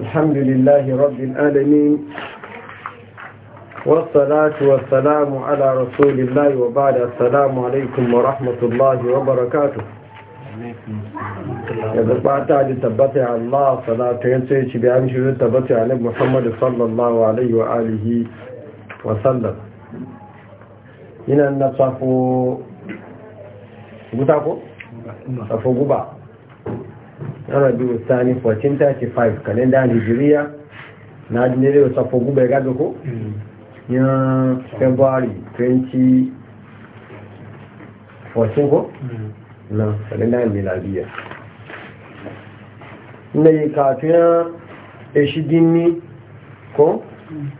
الحمد لله رب العالمين والصلاة والسلام على رسول الله وبعد السلام عليكم ورحمة الله وبركاته yanzu fata ji tabbata Allah salatu yanzu ya a nan Muhammadu sallallahu alaihi wa alihi wa sallam guba rabiu sani 1435 kalenda nigeria na dinere o fogu bai gado ko mm. ya february 2014 ko mm. na kalenda miladiya na yi katiya eshidini ko mm.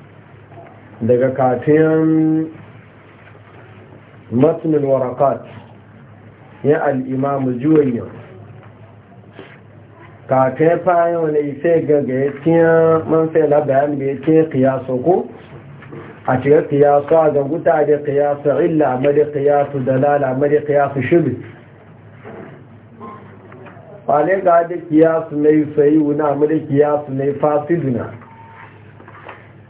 daga katiyan matunan warakat ya al'imamu juwayen ka ke fayin wani ife gaga ya tiya manfe labarin da ya ce kiyasu ku a cikin e kiyasu a zanguta da kiyasu illa mada kiyasu dalala mada kiyasu shirin kwale ga da kiyasu na yi sayi wuna mada kiyasu na yi fasidu na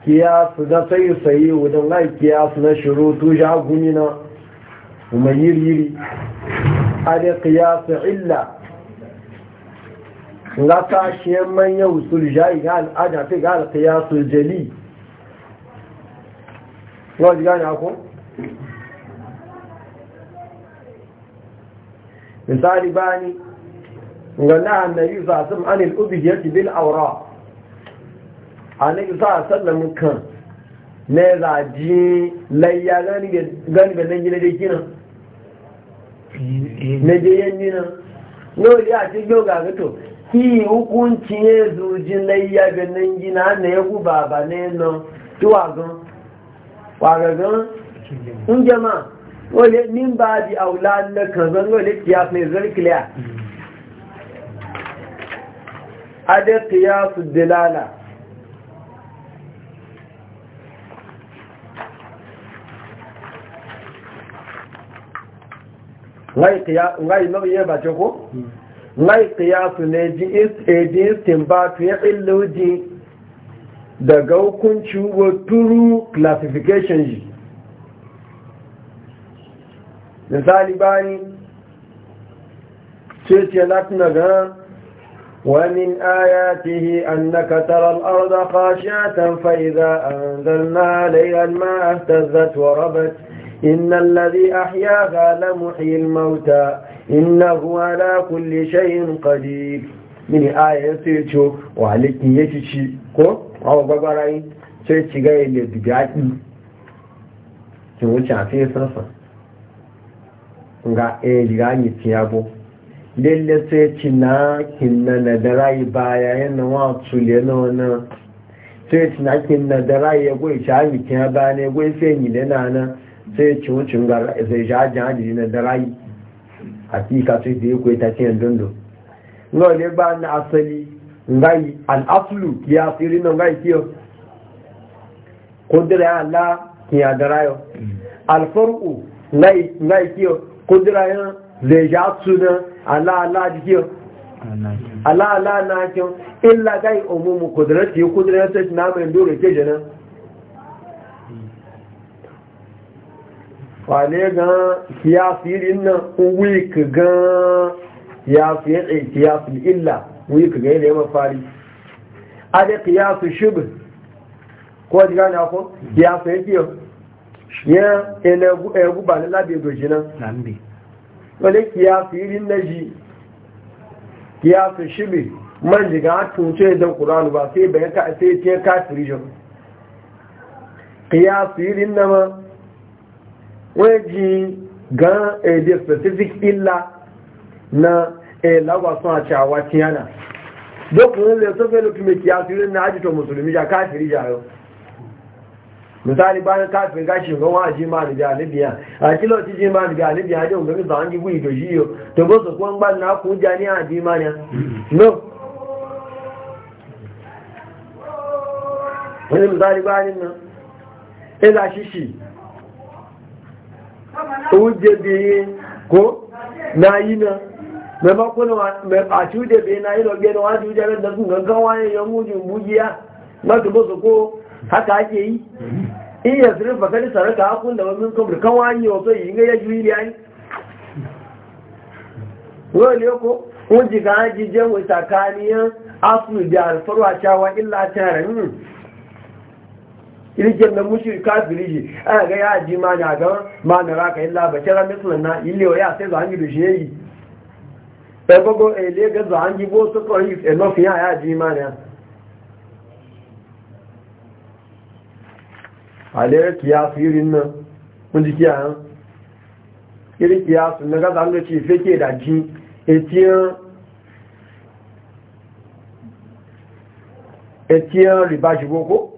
kiyasu na sayi sayi wudan lai kiyasu na shiru tushen gumi na umayiriri a da kiyasu illa nga kashe manyan usul jayi ga al'ada fi ga alkiyasul jali yau ji gani ako? misali bani ga na annabi sasam na ubiyati bil aura annabi sallam kan ne zaji layya gani ga nan gina da kina je yan ya ga yi hukunci ya zuji layya ga nan gina na ya guba ba ne nan tuwagan ƙungema wale min ba di aula na kanzan wale kiyas mai zarkiliya adé kiyasu dilala ngai mabiye ba ko? lai kiyasu ne jin ba fiye illoji daga hukunci turu classification ji misali bayi ce ce latina ga wamin ayatihi an na katarar arzaka shatan fa'iza an zarna laiyar ma'a ta zatuwa rabat إن الذي أحياها لمحي الموتى إنه على كل شيء قدير من آية سيتشو وعليك يتشي كو أو بقرأي سيتشي غير لبجاتي kin wuce a fiye ga ɗaya riga yi tiyabo lalle sai ci na kinna na da rayu baya yana wa tsule na sai da ya a yi tiyaba ne gwai sai yi na na sai ci wucin ga sai shajin ne na da rayu hakika sai da ya kwaita cikin dundu no ne ba na asali ngai al'aslu ya siri na ngai kiyo kudura ya Allah ki ya da rayu alfar'u ngai kiyo kudura ya zai ja suna ala ala kiyo ala ala na kiyo illa gai umumu kudura ti kudura ta na mai dole ke jana wale gan kiyasirin nan wik gan kiyasirin eh, illa wik gan yana yawan fari a da kiyasu shubin ko ji gane ko kiyasu yake yan enagu eh, ba na labe doji nan wale kiyasirin na ji kiyasu shubin man jiga tunce da kuranu ba sai bayan ka sai ce kafiri jin kiyasirin na ma wọ́n jí gan èdè e specific illa na e lagwason àti àwà tí yánà dókùnrin lè sọ́fẹ́ lókùnrin kí a sílé ní àjítọ̀ musulmi jà káàkiri jà yọ misali bayan kafin gashin gan wọ́n àjí máa nìbí àníbìyàn àti lọ́ọ̀ jí máa nìbí àníbìyàn àjọ òǹgbẹ́mí sàn jí wíìdò yí yọ tó bó sọ fún gbá náà kú já ní àjí máa ní no wani misali bayan nan ila e shishi na na bèèrè na náyí náà mẹ́mọ́kúnnà àti oúnjẹ bèèrè náyí lọ na wọ́n ti oúnjẹ lẹ́dọ̀kún gangan wáyé yọ mú jù mú yíá mọ́tòmọ́sọ̀kó haka ake yi iya sirin fakari sarrafa hakun da mamin kamar kan wáyé wato yi ga yaju yi yayi wọ́n lè kó oúnjẹ kan jíjẹ́ wọ́n tsakaniyar asu da alfarwa cewa illa tare ilikin na mushi kafiri shi ana ga ya ji ma na ga ma na raka illa ba kira mislan na ille ya sai za hangi da shi yayi sai e gogo ele ga za hangi bo su ko yi enough ya ya ji ma na ale kiyasu irin nan mun ji kiyasu irin kiyasu na ga zan ga ci fake da ji etiyan etiyan riba shi boko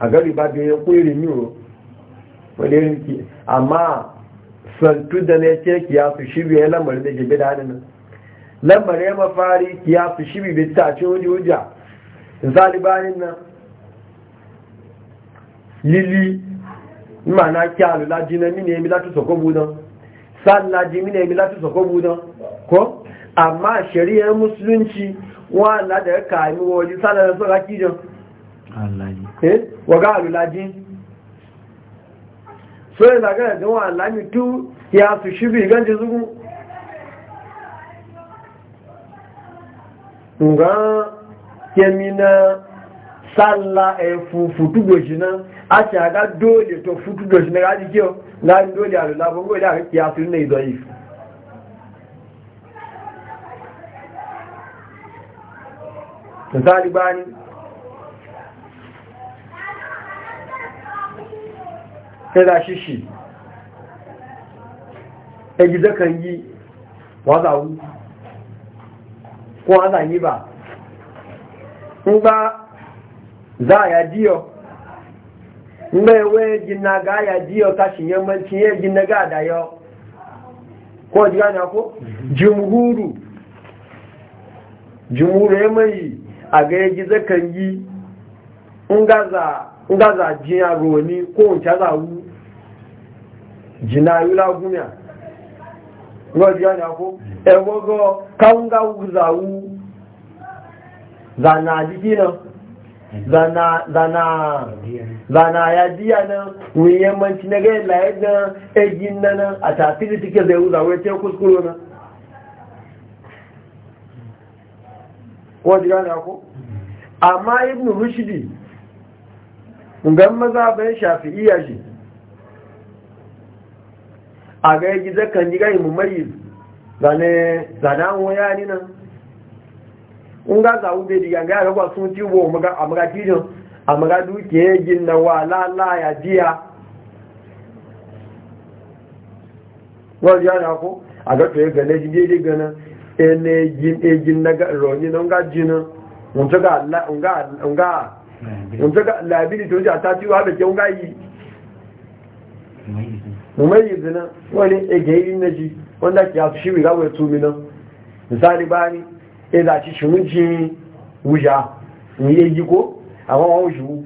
agari ba da ya kwere ni o wani ki amma santu da na ce kiyasu shirya ya lamari da jibi da hannun lamari ya mafari kiyasu shirya bai ta ce wani hujja zalibanin nan lili mana kí alùlájí na mí ní emi láti soko budan sáàlájí mí ní emi láti soko budan kọ́ àmá ṣẹ̀rí ẹ mùsùlùmí wọ́n aládẹ̀ẹ́kà ìmúwọ̀ sanar da sọ́ra kíjọ Eh? wọ́gá àlúlájí so yẹ́ zagẹ́rẹ̀ tí wa àlámi tú kí a shibi ṣíbí ìgẹ́jẹ́ zúgbù ǹgán kẹmi na sálà ẹ̀fù na, náà a ṣe àgá dóòlè tó fùtúgbòṣì náà rájí kí o láàrín dóòlè àlúlá gbogbo ìdá àríkì àfihàn ìdọ̀ yìí misali gbani kai za a shi shi eji zaka yi wazawu kwa wazanyi ba mba za a yadiyo mba ewe yagi na ga yadiyo ta shi ya malci ya yagi na ga adaya kwa jiraja ko jimhuru jimhuru ya mayi aga yagi zaka yi nga za a jiyaroli kowace wazawu jinayu la gunya ngoji yana ko egogo kanga uzawu zana jikina zana zana zana ya diya na wiye manci e na ga e la yadda ejin nan a tafi tike zai uzawu te kuskuro na ngoji yana ko amma ibnu rushdi ngan maza bayan shafi'iyya shi aga ga yi zakan mu mai zane zana waya ni nan in ga zawo bai diga ga ga ba sun ci wo duke na wa ya jiya ya ko a ga to ga ji gana ene jin e na ga ro nan ga nga mun ta nga Allah un yi mumayyiz nan wani egeyi na ji wanda ke yasu shi wira wai tumi nan misali bani e da ci shimunci wuja ni e ji ko amma wa wuju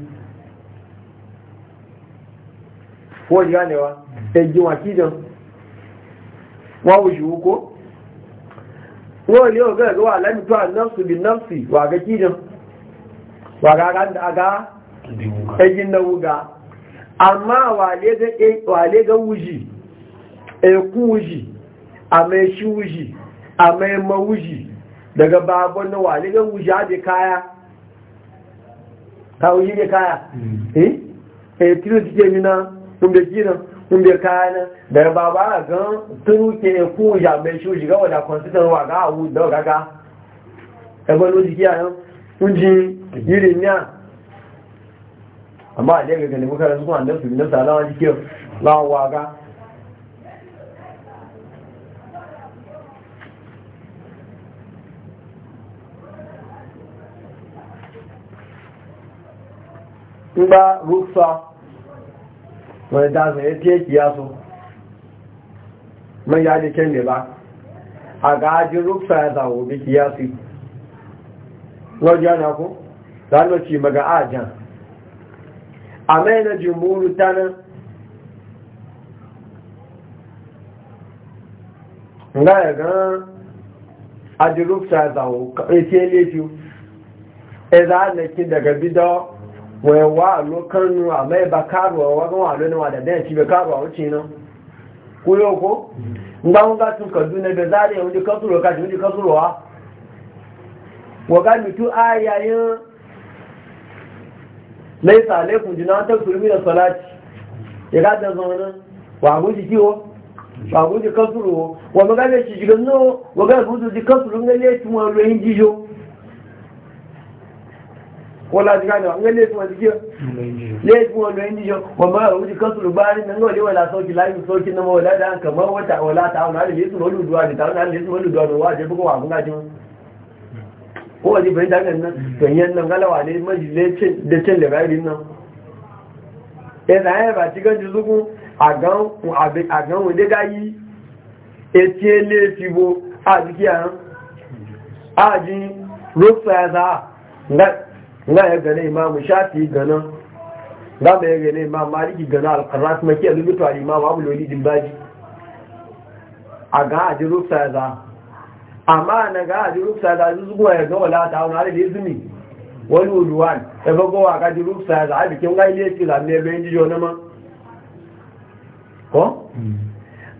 ko ji ganewa e ji wa kidan wa wu ko wọ́n yóò gẹ́gẹ́ wà lẹ́mìtọ́ ànáfsì bí náfsì wà gẹ́gẹ́ kíjan wà gẹ́gẹ́ ẹjìn náwó ga amma wale ga e, wuji eku wuji a mai shi wuji a mai ma wuji daga babon na wale ga wuji haɗe kaya ka wuji ne kaya mm. eh eh tilo suke mina kumbe kinan kumbe kaya na daga baba a gan turu ke eku wuji a mai shi wuji ga wada consider wa ga awu da gaga ebe lo jiki a yan kunji mm. yiri ni a amma a daga ganin makarar su kwanan su na salawa jikin lawan waga ba rufa wani dasa ya fiye kiyaso mai yaji kyan ne ba a gajin rufa ya zawo bi kiyasi wajen yana ku zanen ci maga ajan a mai na jimuru ta nan nga ya gan ẹza alẹ́kí daga bidọ́ wọ́n wá lókánu àmọ́ ẹba káàrùwọ̀ wọ́n wà lónìí wà dàdẹ́ ẹ̀kí bẹ káàrùwọ̀ ó ti ná kúrò kó tún kàdú nẹbẹ̀ záàrẹ̀ laisa alaikum jinahun takfuru min salati ya ga da zauna wa guji kiwo wa guji kasuru wa magaga shi jigan no wa ga guji di kasuru ngale ti mo lo yin jijo wala diga da ngale ti mo jijo le ti mo jijo wa ma guji kasuru ba ni nan ngole wala sauki la yin sauki na mo wala da an kamar wata wala ta wala da yesu mo duwa da ta wala da yesu mo duwa da wa je wa bunga jin ko wani bai dagan nan ganyen nan galawa ne majalai da cin da rarin nan yana eh, yaya ba ci ganji zugun a gan wade gayi eti ele fibo a jiki a a ji rufa ya za nga ya gane imamu shafi gana nga mai ya gane imamu maliki gana alkarras maki a zubutu a imamu abu lori dimbaji a gan a ji rufa ya za amma na ga a rufsa da su zuwa ya da izini wani uduwan ya ga gowa ka ji rufsa da bikin ga ile ki zamme bayan jijo na ma ko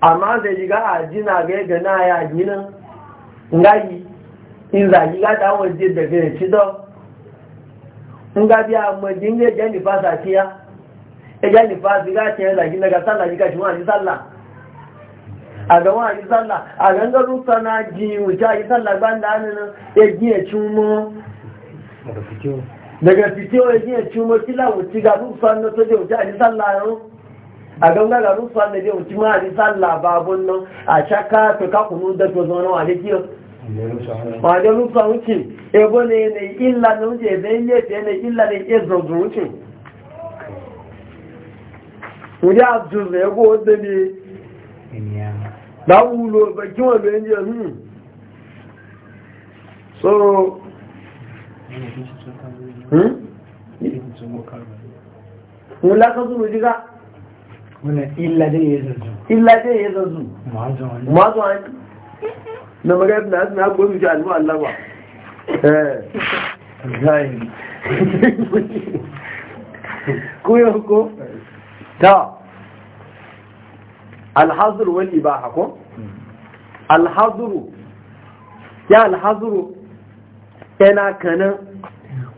amma da ga na ga ga na ya ji ngayi in za ga ta wani je da ga ci do in biya amma e jani na ga sallah ji ga shi ma ji a ga wa yi sallah a ganga rusa na ji wuce yi sallah ban da hannun ya giya cumo daga fito ya giya cumo kila wuce ga rusa na so da wuce a yi sallah yau a ganga ga rusa na da wuce ma a yi sallah babun nan a shaka to ka kunu da to zo na wa da kiyo wajen rusa wuce ebo ne ne illa na wuce ebe ne ne illa ne ke zozo wuce wuce Abdul ne ya wadda ne láwúlò kí wọ́n lè ń jẹ́ hùn sọ́rọ̀ wọ́n lásọ́tún ló díká ìlàdé yẹ zọ̀zù mọ́zọ̀ àti na magẹ́bì náà sí àgbò ìjọ àlúwà aláwà ẹ̀ẹ́ kúyọ̀kó tàà alhazuru wal ibaha alhazuru ya alhazuru yana kanan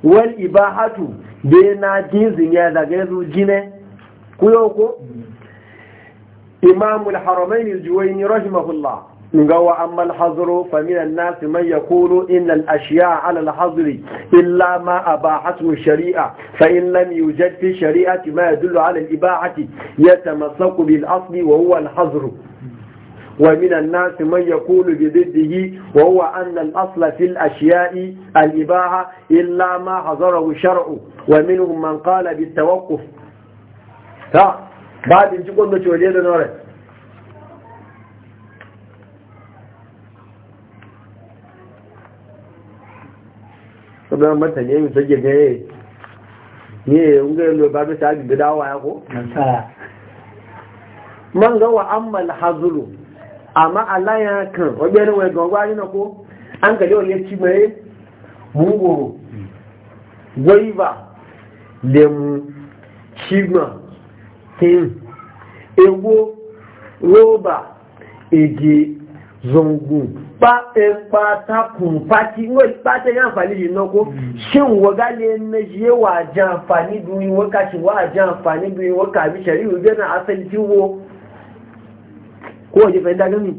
wal ibahatu da yana jinsin ya zagaye su jine kuyo ko mm. imamul haramaini juwaini rahimahullah نقوى أما الحظر فمن الناس من يقول إن الأشياء على الحظر إلا ما أباحته الشريعة فإن لم يوجد في الشريعه ما يدل على الإباعة يتمسك بالأصل وهو الحظر ومن الناس من يقول بضده وهو أن الأصل في الأشياء الإباعة إلا ما حظره الشرع ومنهم من قال بالتوقف ها بعد أن تقول ما تقول ọdún mẹ́ta ní èyí tó jẹ gẹ́ẹ̀ ní èyí ń gẹ́ẹ̀ lọ bá bí sáà gbígbé dáwà ya kó man gawa ammal hazulu amma ya kan wajen yana wai gangwa yana ko an gali wani ya ci mai mungoro gwaiba lemu cigma tin egwo roba ege zongun ba ba e ta kun kumfaki ngo ba ta yan fani ni noko mm. shin waga le ne je wa jan fani du ni waka shi wa jan fani du ni waka bi shari u gena asali ti wo ko je fa da gani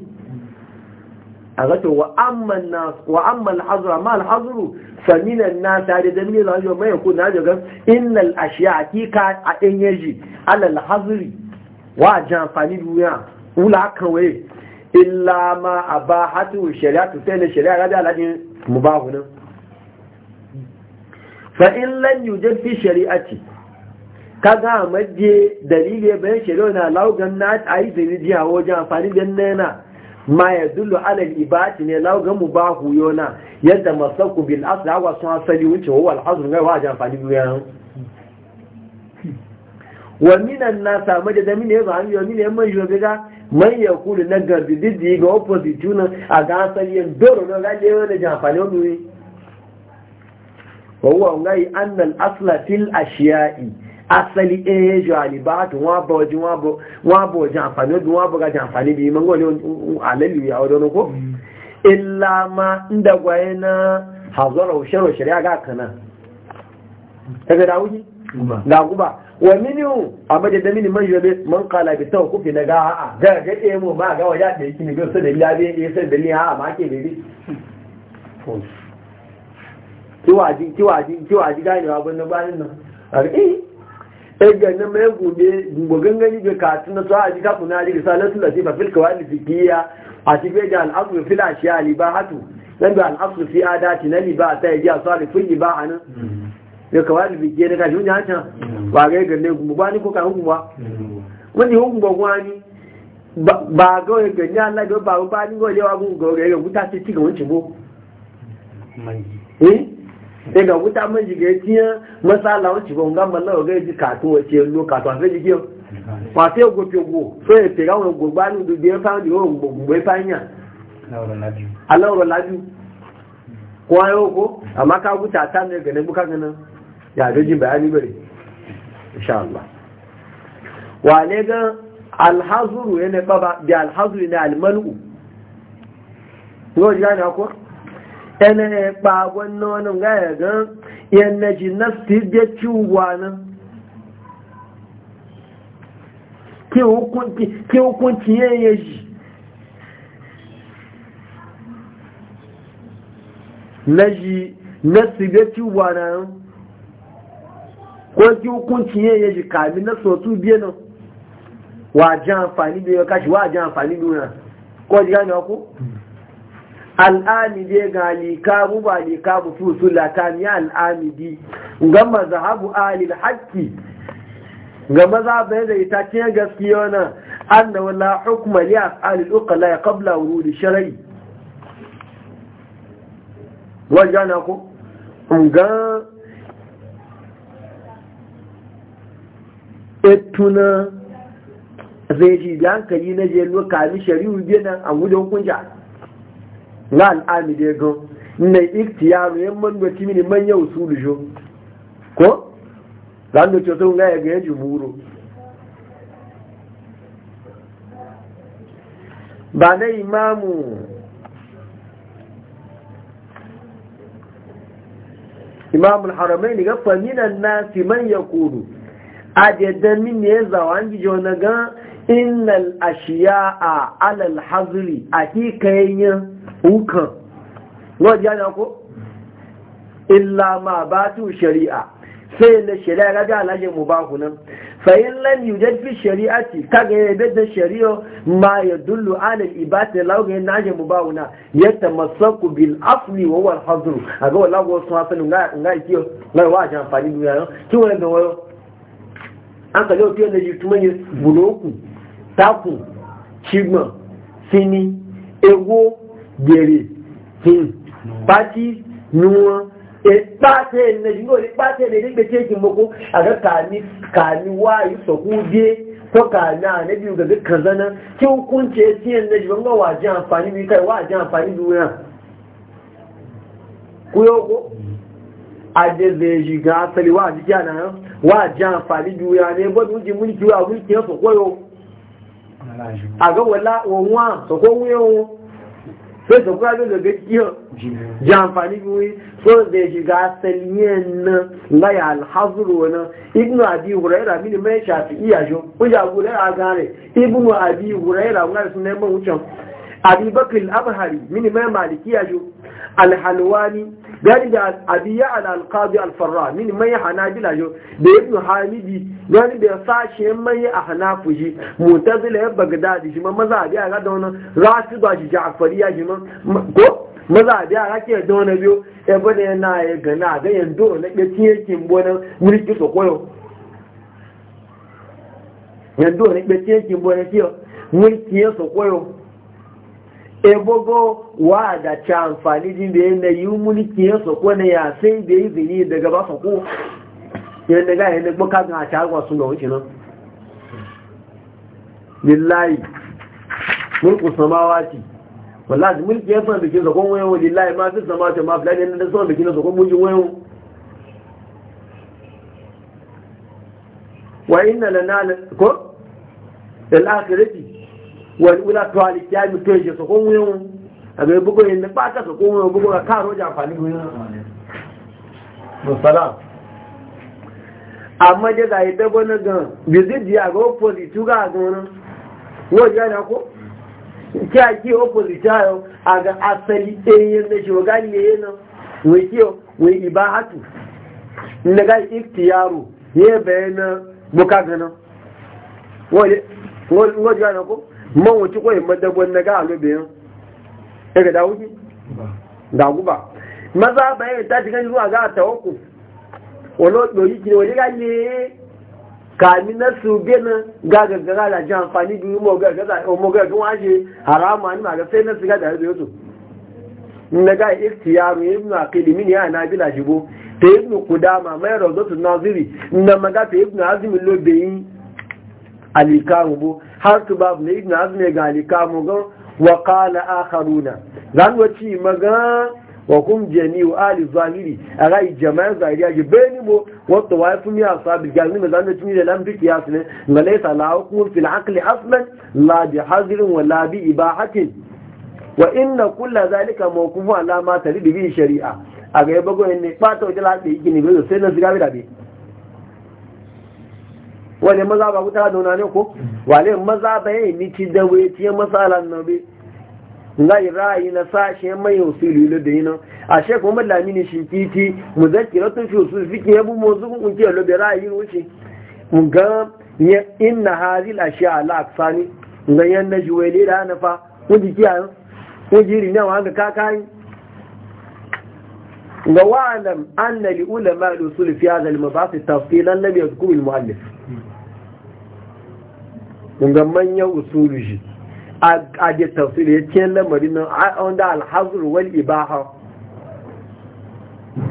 aga to wa amma na wa amma al hazra ma al hazru fa min an na ta da mi la yo mai ko na jo ga inna al ashiya hakika a enyeji al al hazri wa jan fani du a, wula kan we illa ma a ba hatu shari'a tu sai ne shari'a rabi alhaji mu ba hunan fa'in lan yujar fi shari'ati ka ga maje dalilin bayan shari'a na laugan na a yi zirijiya wajen amfani da nena ma ya dullu alal ibati ne laugan mu ba yona yadda masaku bil asali, hawa sun asali wuce wa wal azrun gaiwa wajen amfani da wa minan na samu da zamini ya zo hannu yau mini yamman shi wa man ya kuli na garbi didi ga opposite juna a ga asali yin doro na gaje wani jamfani wani ne wa ngayi ngai annal asla fil ashiya'i asali eh jali ba to wa bo ji wa bo wa bo jamfani wani wa bo ga jamfani bi man gole alali ya wadon ko mm. illa ma inda gwayena hazara usharo shari'a ga kana daga dawuji ga guba wa minu a madadin mini man yobe man kala bi ta kufi na gawa a ga ga ɗaya mu ma ga wajen da yake ne bai eh, sa da biya bai ya san dalilin a ma ke bebe kiwaji kiwaji kiwaji gane wa gwanin gwanin nan a ga eh eh ga nan mai gobe gobe gangani ga katun na tsawa ji kafin na ji risalatu latifa fil kawali fikiya a cikin da al'amru fil ashiya libahatu nan da al'amru fi adati na liba ta ji a tsari fil libahanin ya kawai da bige daga shi hanyar mm. ba ga yaga ne kuma ba ni ko kan kuma mm. wani hukun ba kuma ni ba ga yaga ne Allah ga ba ba ni ga yawa kun ga yaga eh? eh, ga wancin bo eh daga wuta ga mallan ga ji katu wace lo ka an ma ji kiyo wa te go pe go so e pe ga won go ba ni du bi fa ni o go go e nya Allah ro laju ko ayo ko ka ya dajin bayani bare insha Allah wa ne ga alhazuru yana baba bi alhazuru ne almalu ko ji gane ko ene pa wannan no ga ya ga yan naji nasti da ciwa nan ki hukunci ki hukunci yayi naji nasti da ciwa nan ko ki hukunci ya yaji kamin na sotu biye nan ji amfani biyu kashi ji amfani biyu ko ji gani ku al'amide ga likabu ba bu su su lata ni al'amidi ga mazahabu alil haƙƙi ga maza bai da ita ce gaskiya na an da wala hukuma li af'alil uqala ya qabla wurudi shar'i wajen ku etuna zai ji da hankali na je lokali shari'u biyan nan a gudun kunja na al'ami da gan na iktiyaru yan mandoci mini yau su lujo ko zan da cewa sun gaya ga ji buru ba na imamu imamul haramai ne ga faminan nasi man ya kudu ajadan min ne zawa an gijo na ga innal a alal hazri akikayen ukan wọ́n jẹ́ ko, illa ma ba tu shari'a sai na shari'a ga ga alaje mu ba kunan fa in lam yujad fi shari'ati kaga ya bada shari'a ma ya dullu alal ibati law ga na je mu ba kuna yatamassaku bil asli wa huwa al-hazr aga wala go so asalin ga ga kiyo la wa jan fani duniya ki wala da wayo an ka yau fiye da yi tuma ne buloku taku cigma sini ego gere hin pati nuwa ìpàtẹ ìnẹ̀jìnà ìpàtẹ kani ìgbòkó àgẹ́kàní kàní wá ìsọ̀kú díẹ̀ tọ́ka na nabi ga dukkan zana kin kunce siyan da jiban ga waje amfani bi kai waje amfani duniya ku yau ko Aje zai yi ga asali wa jiki a nan wa ji amfani juya ne bọ́dù wujin mulki wa mulki ya sokoyo a ga wala wanwa sokon wuyewo sai sokon abin da gaskiya ji amfani juyi so zai yi ga asali yana na ya alhazuru wani ibnu abi huraira mini mai shafi iya shi kuja huraira gane ibnu abi huraira wani sun neman wucin abi bakil abahari mini mai malikiya shi alhalwani gari da abiya ala alqadi alfarra min mai hanabila yo da ibn hamidi gani da sashi mai a hanafu shi mutazila ya bagdadi shi maza biya ga da wannan rafida shi ja'fariya shi ma ko maza biya ga ke da wannan biyo e bane yana ya gana ga yando na ke tiye kin bonan mulki to koyo yando na ke tiye kin bonan tiyo mulki ya so koyo ebogo wa da ci amfani da yana yi mulki ya soko ne ya sai da yi zini daga ba soko ya daga ya gbaka ga ta agwa sun ga wuce nan lillahi mulku samawati wallahi mulki ya san bikin zakon wayo lillahi ma fi samawati ma fulani yana da san bikin zakon mulkin wayo wa inna lana ko lil akhirati wani wula tuwali ya mi to je sokon wuyan yin baka sokon wuyan bugo karo amfani musala amma ga ita ga ya ga opposite ga ga wannan wo na ko ki a ki a ga asali ɗayan da shi wa yana wai kiyo wai ibahatu na ga ya ye bayana buka gana wo ko man wuce kwaye madabon na ga alubiyan daga dawuki ga guba maza bayan ta shiga zuwa ga tawakkuf wani ɗoyi gini wani galle kami na su gina gagagara da ji amfani ni na siga da na ga iktiyaru ibn aqili min ya na bila jibo ta naziri na maga ta ibn azim lobeyin har tu babu ne ibn azmi gali kamo ga wakala qala akharuna zan wace maga wa kum jani wa ali zahiri a rai jama'a zahiriya ji beni mo wata wa fi miya sabi ga ni mazan da tuni da lambi kiyas ne ma laysa la'akun fil aqli aslan la bi wa la bi ibahatin wa inna kulla zalika mawqufu alama ma taribi bi shari'a a ga yabo ne ba ta wata la da yake ne sai na bi da bi wale maza ba kuta da ne ko wale maza ba yayi ni ci da wuti ya masalan na bi ngai ra'ayi na sashe mai usulu le da yino a shek titi mu Shinkiti ratun fi usul fiqh yabu mawzu'un kun lo lobe ra'ayi wuce mu ga inna hadhihi al-ashya la aksani ga yan wele da na fa mun ji kiyan mun ji rina wa ga kakai ga wa'alam anna li ulama al-usul fi hadha al-mabath tafsilan lam yadhkur al-mu'allif ga manyan usulu shi a da tafsir ya ce lamari nan wanda alhazur wal ibaha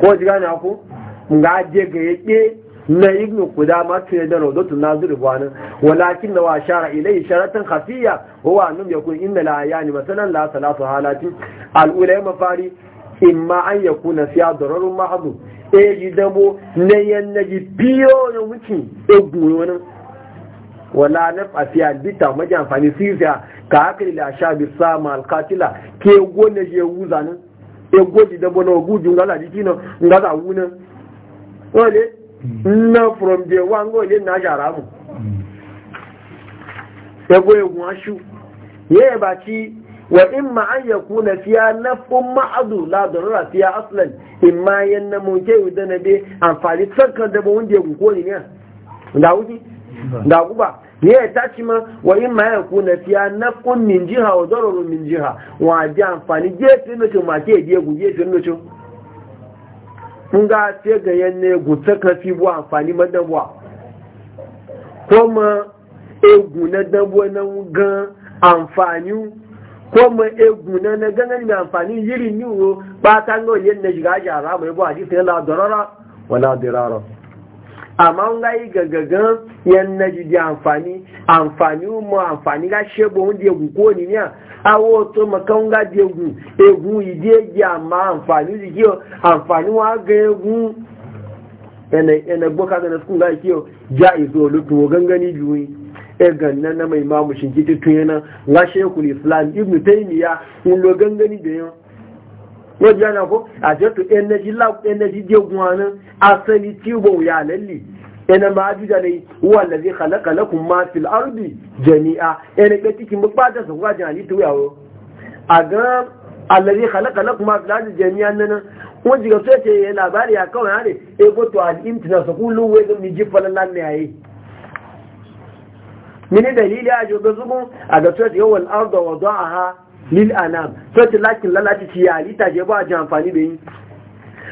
ko ji gane ku ga aje ga yake na ibnu kudama tun da rawdatu nazir gwanin walakin da wa shara ilai sharatan khafiya huwa annum yakun inna la yani masalan la salatu halatin al ulay mafari imma an yakuna siya dararun mahdu e ji dabo ne yan naji biyo na wuce egun wani wala na fasiya bita maji amfani sisiya ka haka ila sha bi sama alkatila ke gona je wuza nan e goji da bono guju ngala jiki nan ngaza wuna ole na from the one go ile na jara mu hmm. ebo egun ashu ye ba ci wa in ma an yakuna fiya nafun ma'adu la darura fiya aslan in imma yanna mun ke yuda na be amfani tsankan da ba wanda ya guko ne da wuki da guba ya ta ci ma wa yin ya kuna fiya na kun min jiha wa zararun min jiha wa ji amfani gefe nocin ma ke gegu gefe nocin mun ga ce ga yanne gutsa ka fi bu amfani madabuwa ko ma egu na dabuwa na gan amfani ko ma egu na na ganan mai amfani yiri ni wo ba ta ngo yen na shiga jara mai bu a ji sai la darara wala dirara amma ngai gagagan yan na jidi amfani amfani umu amfani ga shebo wanda ya guko ni ne a wato makan ga degu egu idi gi amma amfani ji kiyo amfani wa ga egu yana yana boka ga nasu ga kiyo ja izo lutu gangani juyi e ganna na mai mamushin kititun yana ga shekul islam ibnu taymiya mun lo gangani da yau wọ́n jẹ́ ẹ̀nà kó àjẹ́tò ẹnẹ́jì ẹnẹ́jì jẹ́ ogun àná asẹ́ni tí ó bọ̀ wòyà lẹ́lì ẹnà máa jújà lè wọ́n lẹ́sẹ̀ kàlẹ́kàlẹ́kùn máa fi lárúbì jẹ̀ ní a ẹnì pé tí kì í mọ́ pàtẹ́ sọ̀kọ́ tó yà ìyàwó àgán alẹ́sẹ̀ kàlẹ́kàlẹ́kùn máa fi lárúbì jẹ̀ ní a nẹ́nà wọ́n jìgà tó ẹ̀ṣẹ̀ yẹn làbárí àkọ́wọ̀n ebo a a lil anam to ti lakin lalaci ci yali ta je ba ji amfani da yi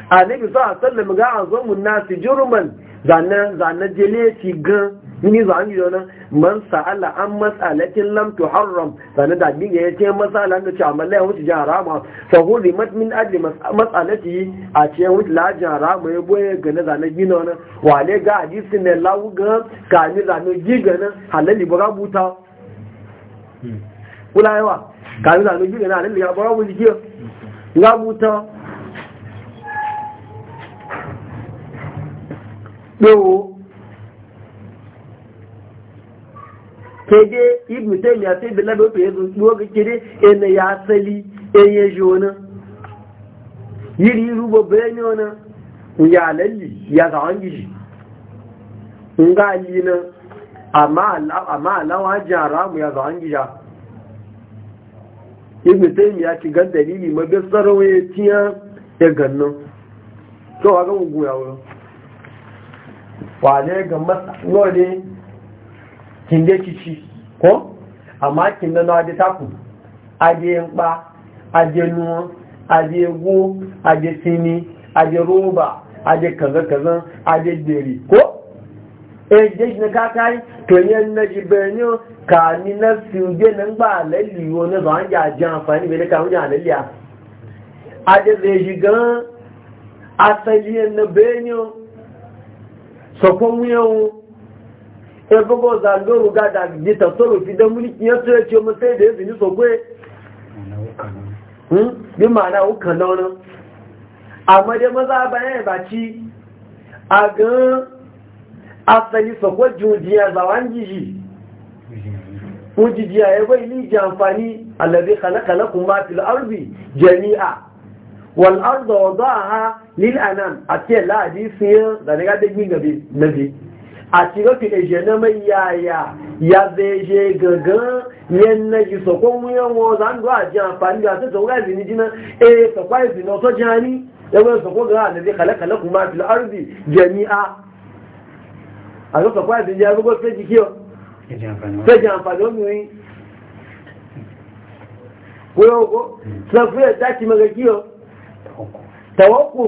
annabi sa sallam ga mun nasi jurman zanna zanna jele ci gan ni zan yi don man sa'ala an mas'alatin lam tuharram zanna da bin ya ce mas'alan da ci amalla ya wuce ji harama fa hurimat min ajli mas'alati a ce wuce la ji harama ya boye ga na zanna gina wannan wale ga hadisi ne lawu ga ka ni zanna ji ga na halali ba buta hmm. kula yawa kàrí ìlànà ojú ìrìnà àlẹ́lẹ̀ ìyàbọ̀ ọwọ́ ìdíjẹ́ lábútán pẹ́wọ́ kéde ibùté ni àti ìbílẹ̀ bí ó pèé ló kékeré ènìyàn asẹ́lì ẹyẹ ṣòna ọ̀nà ibn tayyib ya ci gan dalili ma ga sarwaye tiya ya gannan to ga mu goya wa wale ga masalo ne kin da kici ko amma kin da na da taku aje npa aje nuwa aje ego aje sini aje roba aje kaza kaza aje deri ko ejeji na kakai tonyen na jibenyo ka ni na fiye na ngba lalli wo na zuwa ji aji amfani bai ka wujen lalli a aje zai gan asali na benyo sokon wuyan ebogo zandoro ga da ji tattoro fi don mulki ya tsoye ce mu sai da ya zini sogwe bi ma'ana ukan launin amma dai maza a asali sako jujiya zawan jiji ujijiya ya bai liji amfani allazi khalaqa kuma ma fil arzi jami'a wal arda wadaha lil anam ati la hadisi da ne ga de gbin gabe nabi ati ga fi eje na mai yaya ya zeje gagan yen na ji sako mu yan wo zan do ji amfani da ta tsoga zini jina eh sako zini to jani ya bai sako ga allazi khalaqa kuma ma fil arzi jami'a àlọ́sọ̀ pé àti jẹ́ arúgbó fẹ́jì kí ọ fẹ́jì àǹfààní obìnrin pé ogó sọfúrẹ̀ dákì mẹ́rẹ̀ kí ọ tẹ̀wọ́kù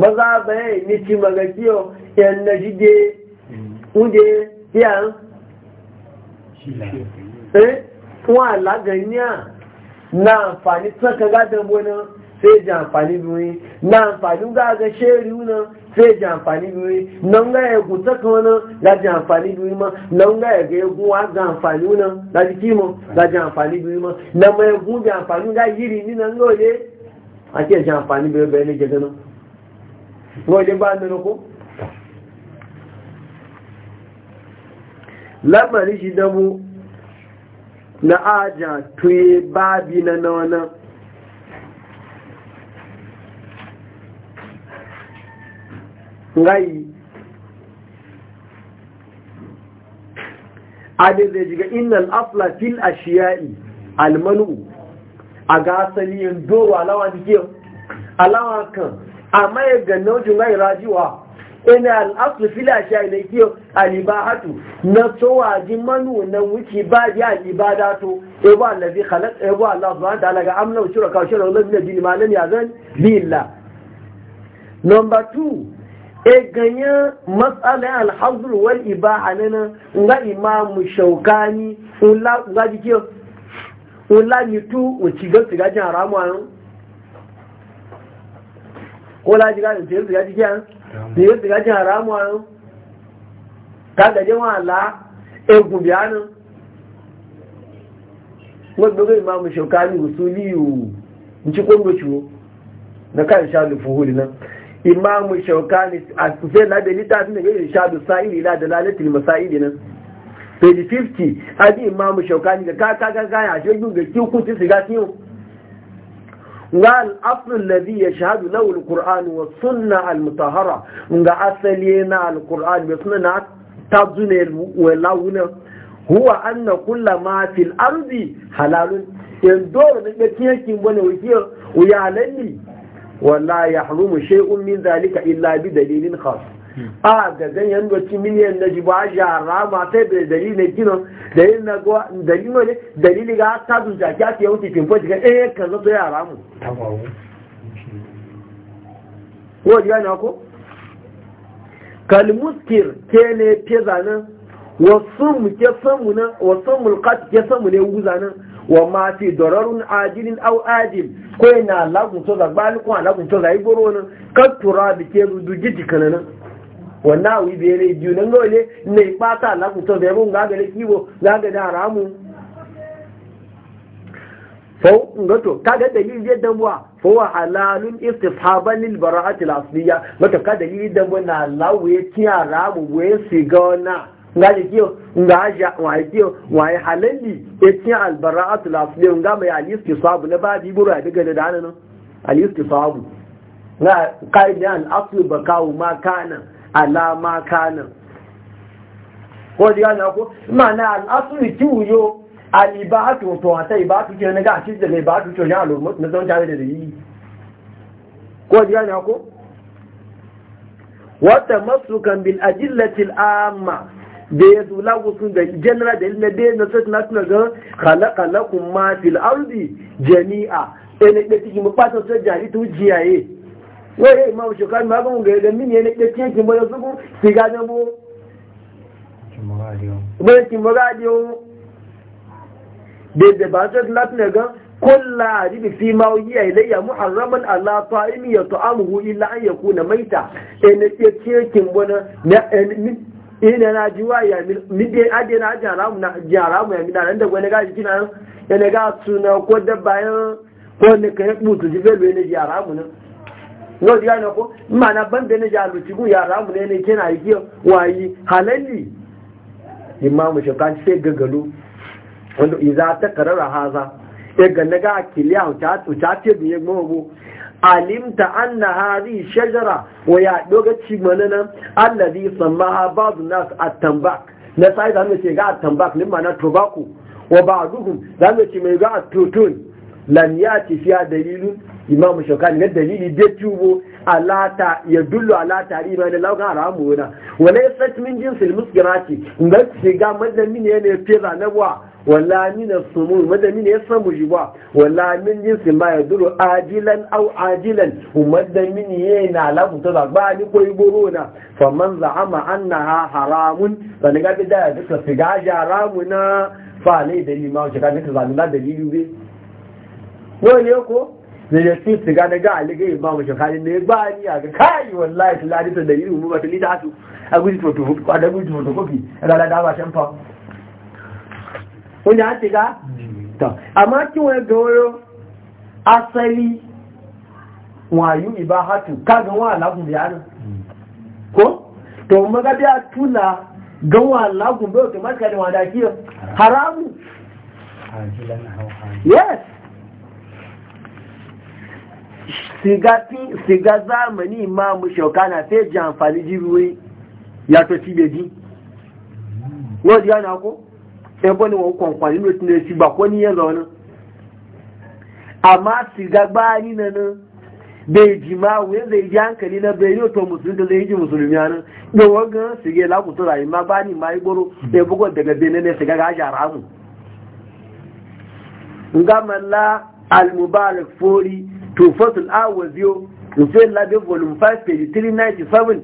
mọ́sá bẹ́ẹ̀ ní ti mẹ́rẹ̀ kí ọ ẹ̀nà jíde hmm. oúnjẹ tí a ń wọ́n àlágẹ̀ ní à na àǹfààní tán kan gádẹ̀ bọ́ náà fẹ́jì àǹfààní na àǹfààní gáàgẹ́ ṣe sai ji amfani biyu nan ga ya guta ka wani laji amfani biyu ma nan ga ya ga ya guwa ga amfani wuna laji kimo laji amfani biyu ma na ma ya gun bi amfani ga yiri ni nan ga wale a ke ji amfani biyu bayan ne gidana wale ba nuna ko lamari shi damu na aja tuye babi na na wannan ngai abin zai jiga innal afla fil ashiya'i almanu a ga asali yin dowa lawa dike alawa kan amma ya ga naujin ngai rajiwa ina al'afla fil ashiya'i na kiyo alibahatu na tsowa ji manu na wuce ba ji alibada to ebo allazi khalaq ebo allah subhanahu wa ta'ala ga amna shuraka shuraka lam yajin ma lam yazan billah number 2 e ganyen matsalin alhazur wal ibaha nan nga imamu shaukani nga jike ula mitu ucigar sigajin haramu a nan ko la jiga in sayar sigajin kiyan sayar sigajin haramu a nan ta gaje wa ala egun biya nan wadda ga imamu shaukani usuli yiwu in ci kwanwa ciwo na kan sha lufuhuli nan imamu shaukani a sufai na da littafin da ya yi shaɗu sa'ili la da lalatul masa'ili nan page 50 a ji imamu shaukani da kaka gaga ya shi ga da kiwo kuci siga kiwo wal al'afin lazi ya shahadu na alkur'an wa sunna al-mutahara ga asali na alkur'an da suna na tazune wa launin huwa anna kulla ma fil ardi halalun yanzu da ɗakin yankin wani wakiyar wuyalanni wala ya harumu shay'un min zalika illa bi dalilin khas hmm. a ga ganyen doci miliyan na jiba jara ma sai da dalilin gina dalilin na go dalilin ne dalilin ga ta du jaki ake yawon tikin fa diga eh kan zato ya ramu ko diga na ko ke ne kene zanen wasan mu ke samu nan wasan mulkat ke samu ne guza nan wa ma fi dararun ajilin au ajil ko yana lagun to da gbali ko lagun to da igoro nan kan tura bi ke rudu gidi kana nan wannan awi bi ne biyu nan gole ne fata lagun to da yabo ga ga kibo ga ga da ramu fau ngato kaga dalilin yadda buwa fawa halalun istifhaban lil bara'atil asliya mata ka dalilin yadda buwa na lawo ya tiyara mu waye sigona nga ji kiyo nga ja wa kiyo wa halalli etin albara'atu lafle nga mai al-istisabu na babi buru ya daga da nan al-istisabu na da al-aslu bakawu ma kana ala ma kana ko diga na ko na al-aslu kiyo al-ibatu to ba ibatu ke na ga shi da ibatu to ya lo na zan tare da yi ko diga na ko wa tamassukan bil al amma da ya zula wasu da general da ilmi da na sai na tuna ga khalaqa lakum ma fil ardi jami'a ene da tiki mu fata sai jari tu jiyaye wai ma wuce kan ma gun ga min ne da tiki ki mu da su ki ga da mu bai ki mu radio da da ba sai na tuna ga a aribi fi ma yiya ilayya muharraman ala ta'imi ya ta'amuhu illa an yakuna maita ene da tiki ki mu na ina na ji wa ya midde ade na ji na ji haramu ya na da wani gaji kina ga suna ko da bayan ko ne ka yi butu ji belu ne ji mu ne no ji na ko ma na ban da ne mu aluci gu ya haramu ne ne kina yi kiyo wayi halalli imamu shakan sai gagalo wanda idza ta karara haza e ga naga kiliya ta ta ce biye alimta anna hadhihi shajara wa ya doga ci manana allazi samaha ba'dun nas at-tambak na sai da ce ga at-tambak ne ma'ana tobacco wa ba'duhum da ce mai ga at-tutun lam yati fiya dalilu imam shokani na dalili da tubo alata ya dullu alata tarima da laukan haramu wala yasat min jinsil musgirati ngal ga madan ne ne na wa wala mina sumu madani ne ya samu shi ba wala min jinsi ma ya duru ajilan au ajilan umadda min ye na lafu da ba ni ko iboro na fa man za'ama annaha haramun fa ne ga bi da duka figa haramuna fa ne da ni ma shi ka ne ka zalula da liyu be ko ne ko ne ya ci figa da ga aliga imam shi ka ne ba ni ga kai wallahi tiladi ta da liyu mu ba tilida su a guji to to ko da guji to ko bi da da ba shan fa wanda ya shiga ta amma kiwon gawayo asali wayu ibahatu kagan wa lagun biyanin ko to maga biya tula gan wa lagun bai automatika da wada kiyo haramu yes siga zamani imamu shaukana sai ji amfani jiruwi ya to cibeji wadda yana ko ebe ne wani kwankwani ne tunai shi ba kwani ya zaune amma su gaba ni na nan bai ji ma zai ji hankali na bai yi to musulmi da zai ji musulmi ya nan da wanga su ge lakutu rayu ma ba ni ma yi goro ya bugo daga bene ne su gaga shi haramu ngamala al-mubarak fori tufatul awaziyo nufin labe volume 5 page 397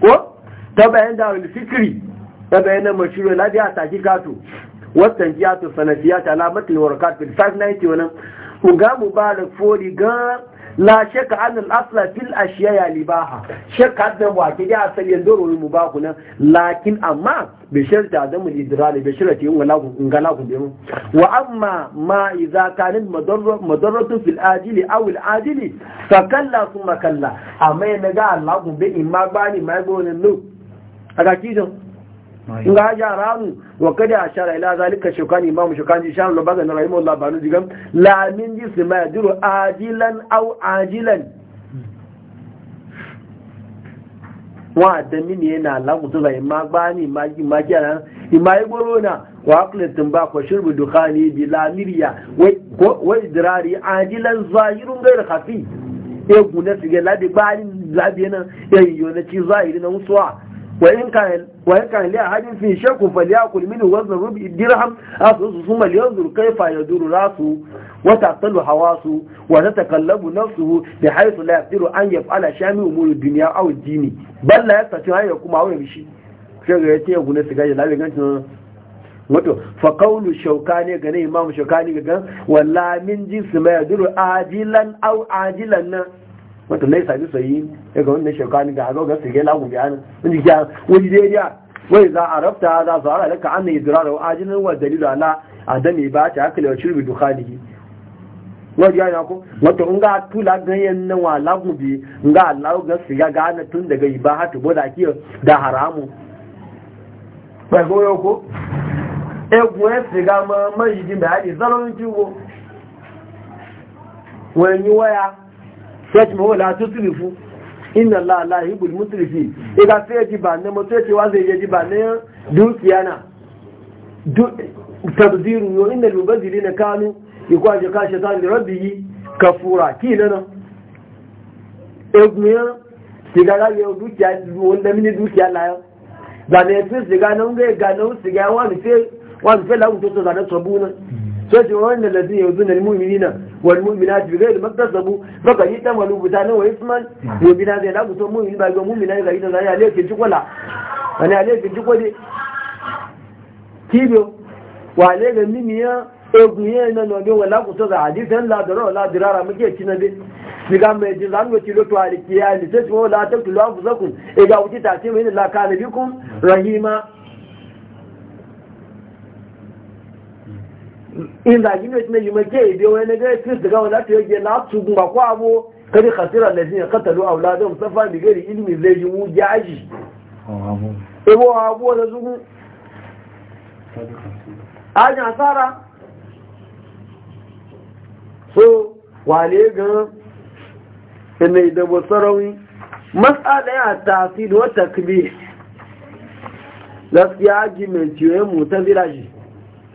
ko ta bayan da wani fikiri ta bayan na mashiru labe a taki kato watan jiyatu sanafiyat alamatul warakat bil 590 wannan Ku ga mubarak fori ga la shakka an al asla fil ashiya ya libaha shakka da wa ke da asali yanzu ruwi ku nan lakin amma bi sharta da mu idral bi sharati in wala kun gala ku bimu wa amma ma idza kanat madarratu fil ajili aw al ajili fa kalla thumma kalla amma yana ga Allah ku bi imma bani mai gonin lu aga kidan nga ya ranu wa kada ashara ila zalika shukani imam shukani shan lo baga na allah banu digam la min jisma yaduru ajilan aw ajilan wa da min yana la mutu zai ma bani ma ji ma ji ran ima yi na wa aqlatin ba ko shirbu dukhani bi miriya wa idrari ajilan zahirun ghayr khafi egun na sige labi bani labi na yayin e yo na ci zahiri na musuwa وإن كان لأحد في شك فليأكل منه وزن ربع الدرهم أصلص ثم لينظر كيف يدور رأسه وتعطل حواسه وتتقلب نفسه بحيث لا يقدر أن يفعل شامي أمور الدنيا أو الدين بل لا يستطيع أن يكون معه بشيء شغل يتيه هنا سجاجة لا يغنى wato fa kaulu shaukani ga ne imamu shaukani ga gan walla min jinsu mai duru ajilan au ajilan nan wata na isa bisa yi ga wannan shekani ga hagau ga sirge lagun biyanin wani ya wani ya wai za a rafta za su ara laka an na idirara wa ajinin wa dalilu ala adam ba ta haka lewa shirbi dukhanihi wani ya yako wata in ga tula ganyen nan wa lagun bi in ga allahu ga sirga gane tun daga ibaha tubo da da haramu bai goyo ko egun ma yi sai ma wala tusrifu inna allaha la yuhibbul musrifin idan sai ji ba ne mutum ce wa zai ji ba ne dukiya na tabziru yo inna al-mubazilina da rabbi na nga ga na siga wa ni fe na mu'minina والمؤمنات بغير ما اكتسبوا فقد يتملوا بتانا وإثما وبنا زي لابو سوى مؤمن بقى مؤمن أي غير أنا عليك الجوك ولا أنا عليك الجوك ودي كيبيو وعليك النمية أغنية نانوبي ولا قصد حديث لا ضرر لا ضرر ما كيتش diga mai jin zan wuce a rikiya ne sai su la ta tulu fusakum e ga wuce ta ce mai la kanabikun rahima inda ji mai tunai mai ke ibe wani ga kris daga wani lati yake na tugun ba ko abu kari khasira lazin ya katalu auladun safa bi gari ilimin zai ji mu jaji ebo abu da zugu ajin asara so wale gan inai da basarawi matsala ya tasiri wata kabe gaskiya ji mai ciwo ya mutan viraji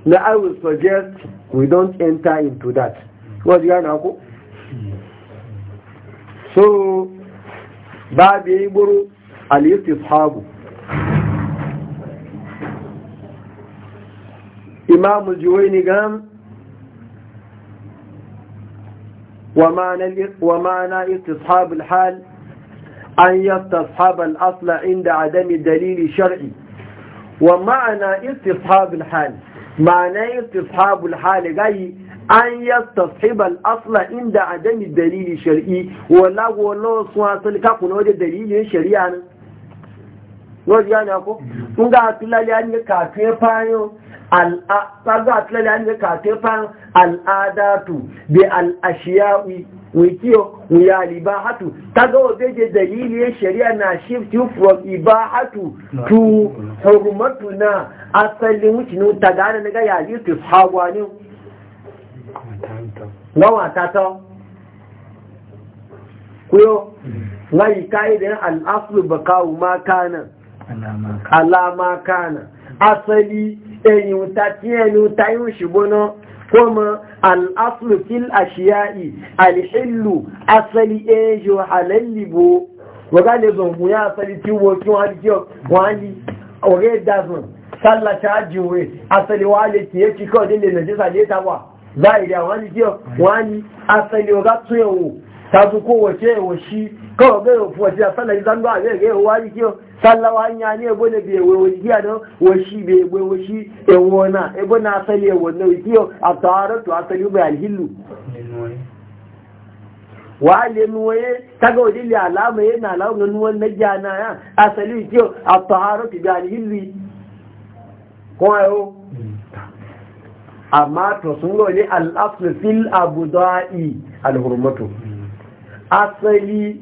na i will suggest we don't enter into that wajen yana ku so babu ya yi buru al-istishabu imamu juwaini gan ومعنى استصحاب الحال أن يستصحاب الأصل عند عدم الدليل الشرعي ومعنى استصحاب الحال ma'ana yin tishabul hali gayi an yi tashibal asla inda a adami dalili shari'i wala wala sun asali kakun wajen dalilin shari'a ne wajen yana ko sun ga atulali an yi kafin fayon al'adatu bi al'ashiyawi wikiyo ya libahatu kaga wabe je dalili ya shari'a na shift you from ibahatu to hurmatu na asali wuce ne ta gane na ga ya yi to hawa ne gawa ta ta kuyo lai ka'idar al'aslu bakawu ma kana alama kana asali ẹ̀yìn ta tí nu ta yíò ṣùgbọ́n náà al'aslu fil ashiya'i alhillu asali ejo halalli bo waga le zon mu ya asali ti wo ki wani ki wani oge dazun salla ta jiwe asali wale ti e ki ko dile na jesa le ta wa zaire wani ki wani asali oga tun ewo ta ko wace ewo shi kawai ga yau fuwa jiya sallah zan ba ga ga yawa ji kiyo sallah wa hanya ne bo ne biye wo jiya don wo shi be bo wo shi e wona e bo na sale wo ne kiyo a tare to asali ba alhillu wa le ta kaga wadi le alama yana alama na nuwan na jana ya asali kiyo a tare to bi alhillu ko ayo amma to sun ga wani al-asl fil abudai al-hurmatu hmm. asali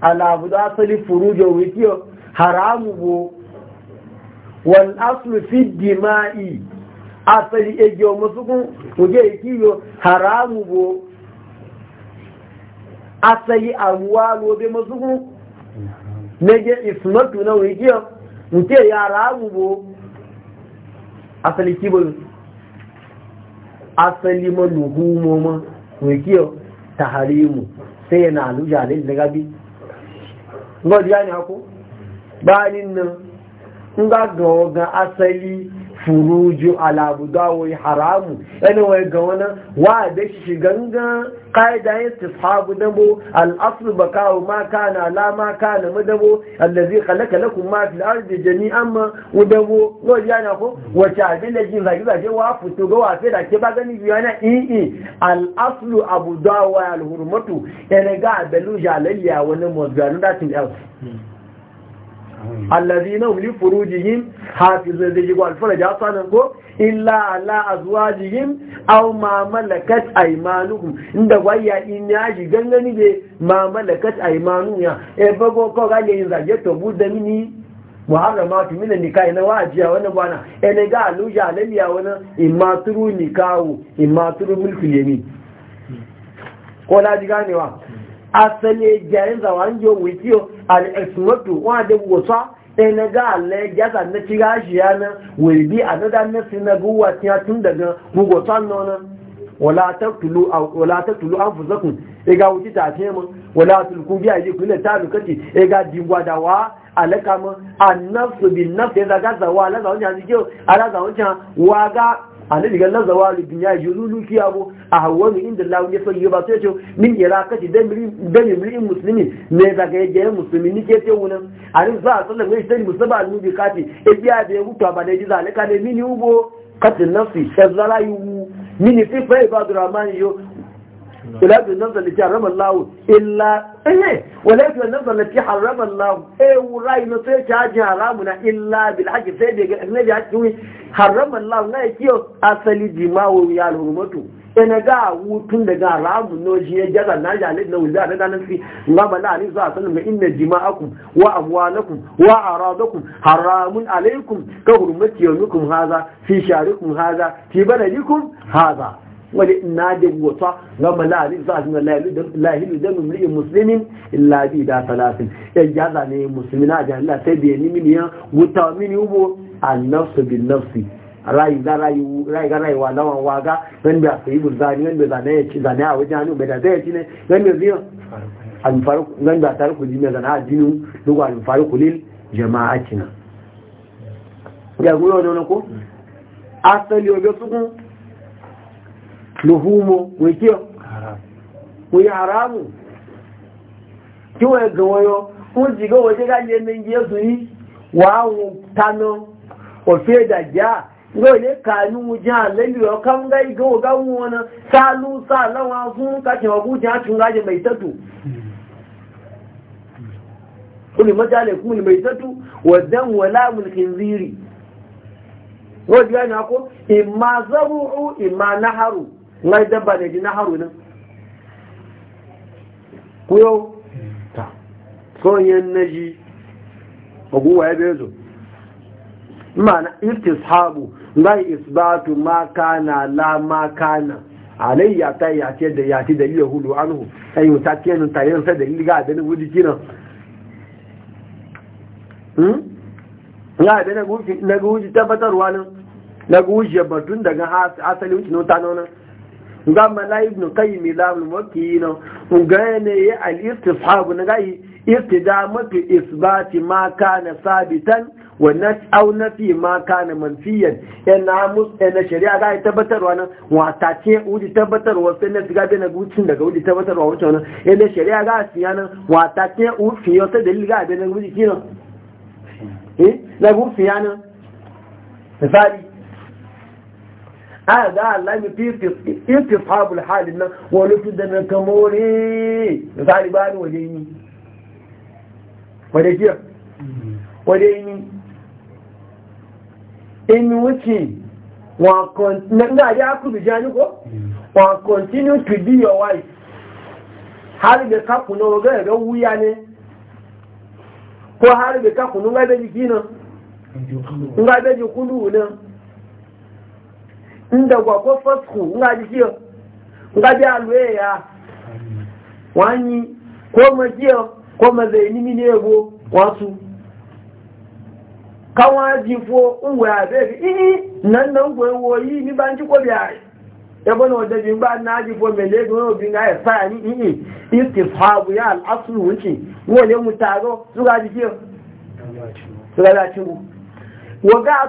alabu da asali furujo wikiyo haramu bo wal aslu fi dima'i asali ejo musukun kuje ikiyo haramu bo asali amwalu be musukun nege ismatu na wikiyo nke ya haramu bo asali kibon asali manuhu moma wikiyo taharimu sai na aluja daga biyu godiya ne haku bayanin nan ga asali furuju alabudawoyi haramu anyway ga wani wa da shi ganga ƙa'ida yin tishabu dabo al'aslu ba kawo ma na la ka na mu dabo allazi khalaqa lakum ma fil ardi jami'an ma u dabo no ya na ko wace abin da jin zagi zagi wa fito ga wa da ke ba gani biya na i i al'aslu abu dawa al hurmatu ene ga belu jalaliya wani mozganu datin else allazina hum li furujihim hafizun da jigo alfaraja sanan ko illa ala azwajihim aw ma malakat aymanuhum inda waya in ya ji gangani be ma malakat aymanu ya e bago ko ga za je to budda mini muharramatu mina nikai na wajiya wannan bana e ne ga aluja laliya wannan imma turu nikahu imma turu ko la ji ganewa asali jayin zawanjo wikiyo al'ismatu wanda wasa ɗaya na ga Allah ya ga na ci gashi ya nan wai bi a nada na sinagowa ta tun daga gugotan nona wala taqtulu wala an anfusakum kun e ga wuti ta ce mu wala tulku bi ayi kullu ta lukati e ga dingwa da wa alaka mu annafsu bin nafsi e da ga zawa la zawo ne a ala zawo ta wa ga annabi ga nan zawali dunya yuzulu a ahwanu inda Allah ya sanya ba sai ce min iraqati damri musulmi muslimin ne daga yaje muslimin ne ke ce wuna annabi za sallallahu alaihi wasallam musaba annabi kati e biya da ya mutu ba da ji zalika ne mini ubo katin nafsi shazara yu mini fi fa ibadu rahman yo ولا تنظر التي حرم الله الا ايه ولا تنظر التي حرم الله إيه وراي نصير تاج حرامنا الا بالحج سيد النبي حكي حرم الله لا يكيو أصلي دماء ويال هرمته ina ga wutun daga haramun noji ya jaga na jalid na wuzi a na ganin fi ngama la ni za a sanar mai inna jima'akum wa amwalakum wa aradakum haramun alaikum ka hurmati yawmikum haza fi sharikum haza fi baladikum haza wani ina da wata ga malari za su na lahilu da mumri muslimin illa bi da talatin ya jaza ne musulmi na da Allah sai da ya nimi ne wuta mini ubo an nafsu bin nafsi rayu ga rayu rayu ga rayuwa lawan waga nan da sai bu zani nan da zane zane a wajen hannu bai da zai ci ne nan da zai an faru nan da tarku jini zana a jini duka an faru kulil jama'atina ya gulo ne ko asali obe sukun luhumo wekiyo wuyi haramu kiwe gawayo ujigo wete ka yeme ngiyo suyi wawu tano ofie dajia ngo ile kanu uja lembi waka mga igo waka uona salu sala wafu kache wafu uja chunga aje maitatu uli mata ale kumuli maitatu wadamu wala mulkinziri ngo ile kanyo wako ima zaruhu ima naharu ngai dabba ne dina haru nan ku yau ta sonyen naji aguwa ya bezo ma'ana iftishabu ngai isbatu ma kana la ma kana alayya ta ce da yati da hulu anhu ayu e ta kenan ta yin sa da liga da ni wudi kiran hmm ya da na guji na guji tabbatarwa nan na guji batun daga asali wuce nota nan nga mala ibn qayyim ilamul muwakkilin nga ne ya al-istifhab na gai mafi isbati ma kana sabitan wa au nafi ma kana manfiyan ina mus na shari'a ga tabbatarwa nan wa ta ce uji tabbatarwa sai na shiga bena gucin daga uji tabbatarwa wuce wannan ina shari'a ga siya nan wa ta ce ufi yau ta dalil ga bena gucin kinan eh na gucin yana misali هذا علم في انتصاب الحال لنا ولفد نكموري مثالي باني وليني وليكي وليني in which wa na ya ku bi jani ko wa continue to be your wife har da ka kuno ga wuya ne ko har da ka kuno ga da jikina ga inda gwagwa fasku nga jiyo nga bi alwe ya wani ko ma jiyo ko ma zai nimi ne go wasu jifo unwe abe ini nan nan gwe woyi ni ban ji ko yabo na wajen na jifo ya ni ya suga suga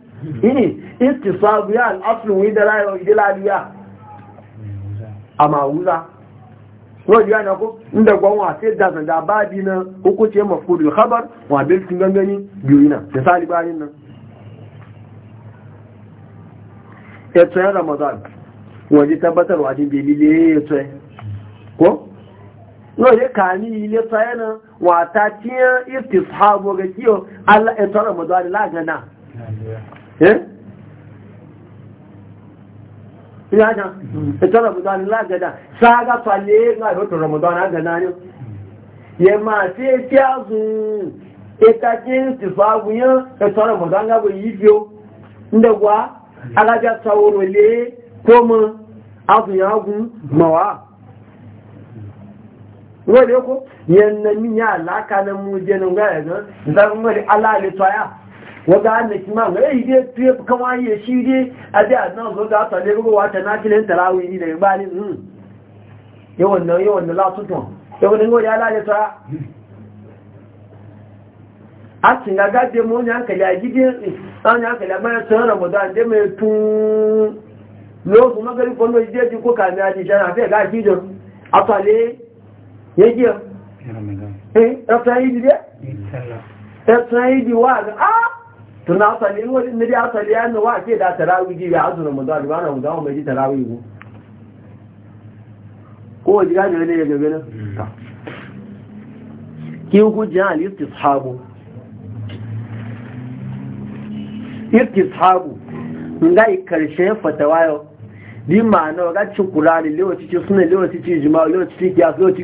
ini istisabu ya al'afrin wani da rayuwa jilaliya a mawuza wọ́n yíya na kó inda gwanwa sai dazan da ba bi na hukuce mafudul khabar wa bilkin gangani biyu na da salibanin nan ya tsaye ramadan waje tabbatar wajen belile ya tsaye ko? no ya kani ya tsaye na wata ciyar istishabu ga kiyo allah ya tsaye ramadan lagana Eh? ya ta ita ramadan lagada saga fale na roto ramadan agana ne ye ma se ti azu eta kin ti fagu yan ita ramadan ga bo yifio ala alaja saworo le komo azu ya gun mawa wole ko yan na mi ya alaka na mu je no ga ga ala le ya. wata hannun kima ga eh, yi dai tuye kama yi ya shi de a dai a nan zo da ta ne ruwa ta na filin tarawih ni ya bani hmm yawan nan yawan nan latutun yawan nan ya lalace ta a cin gaga dai mu a gidan an hankali a bayan sun ramadan dai mai tun lokacin magari kwallo jiya ko kami aji fiye ga shi a tsale ya giya eh yi wa ah! suna asali wani nidi asali ya wa ke da tarawih ji ya azurin mu zaɗi bana na mu zama mai ji tarawih ko kowa ji gani ne ya gabe nan mm. ki hukunci na sahabu istishabu sahabu nga karshe fatawa yau Di ma'ana waga gacin kurani lewaci suna lewaci jima'a lewaci ci kiyas lewaci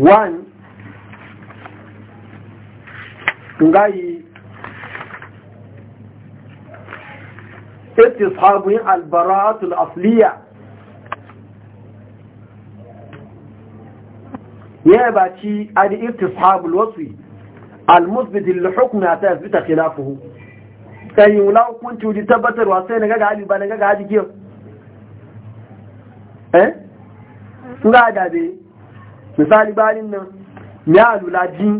one ngayi ete sahabu yin albaratu al'afliya yana ba ci adi irti sahabu wasu almusbitin lahukumi a tafi ta ke filafuhu sayin wula hukunci wuji tabbatarwa sai na gaga hajji ba na gaga hajji kiyar eh? ƙura da dai misali bayanin nan ya lulaji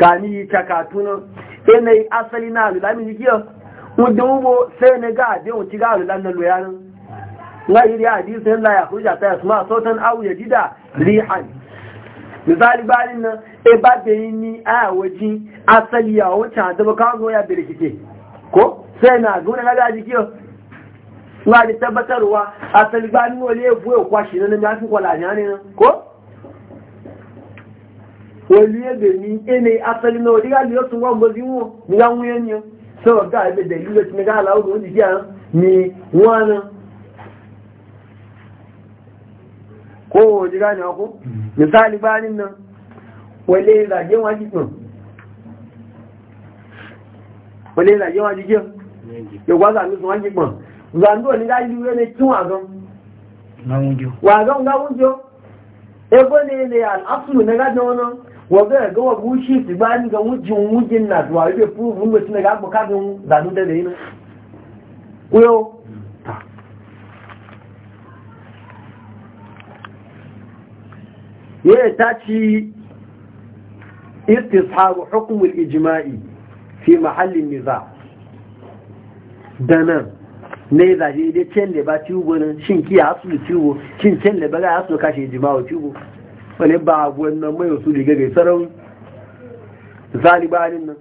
kani kakatu nan yanayi asali na lula min jikiya wadda wubo sai na ga abe ci ga lula na lura nan na iri hadisi yana ya hujja ta yasu ma sautan awu ya jida rihan misali bayanin nan e ba da yi ni a waje asali ya wuce a zaba kawo ya birkike ko sai na gona na ga kiyo nga da tabbatarwa a talibani wale ya buwe kwashi na nami afin kwalanya ne ko? wale ya gani ene asali na wadda gali yosun wa mbozi wo nga nwunye ne sau ga ebe da ilu wetin ga ala oge odi jiya ni wani ko wadda gani ako misali banin nan wale ya zage wa jikin wale ya zage wa jikin Ya gwaza sun wa jikin zando ni ga yiwe ne kin wagon wagon ga wunjo ebo ne ne al aslu ne ga dono waga ga wa gushi ti ba ni ga wujin wujin na zuwa yiwe prove mun ne ga bukatun zanu da dai ne kuyo ya ta ci istishabu hukumul ijma'i fi mahallin niza da nan ne za shi dai cen da ba tubo nan shin ki ya su tubo shin cen da ba ga su kashe jima'u tubo wani ba wannan mai su da gagai sarau zalibanin nan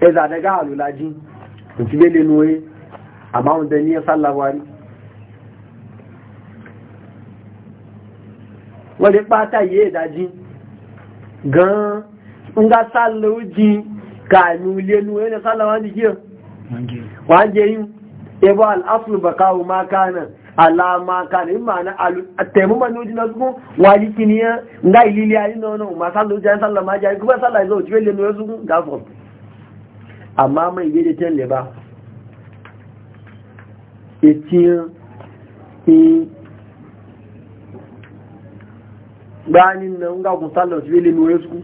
e za da ga alulaji in ci bele noye amma wanda ni ya sallawa ni wani pata yi ya daji gan n ga sallawa jin kanu lenu yana sallawa jiki waje yin ebo al'asul ba kawo maka nan alama kana yin ma'ana taimu manuji na suku waji kiniya nga ilili ayi e e, na wani ma sallu jan sallah ma kuma lenu yi na kun lenu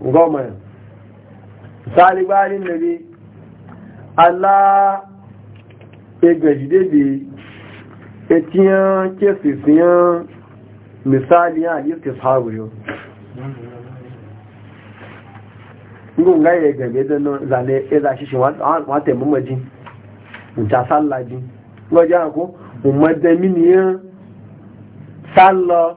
goma salibanin da bi allah ya gaji daidai ya ciyan kesi siyan misali ya iske sabu yau ngunga ya gabe da nan zane ya zashi shi wata mamaji ta sallaji wajen ko umarda miniyan sallah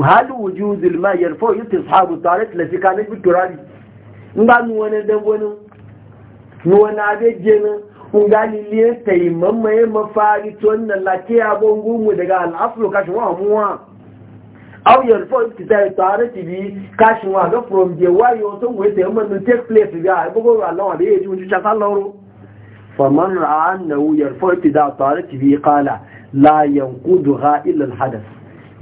hali wujudul ma yarfo istishabu tarat la sikana bi turabi nga nu wani dan wani nu wani abeje na nga liliye tai mamma ya mafari to wannan lakiya bongo mu daga al'afro kashin wa mu wa aw yarfo istishabu tarat bi kashin wa do from the why you so we say mun take place ga ai bugo Allah da yaji mun ci sallaro faman ra'a annahu yarfo istishabu tarat bi qala la yanqudha illa al hadath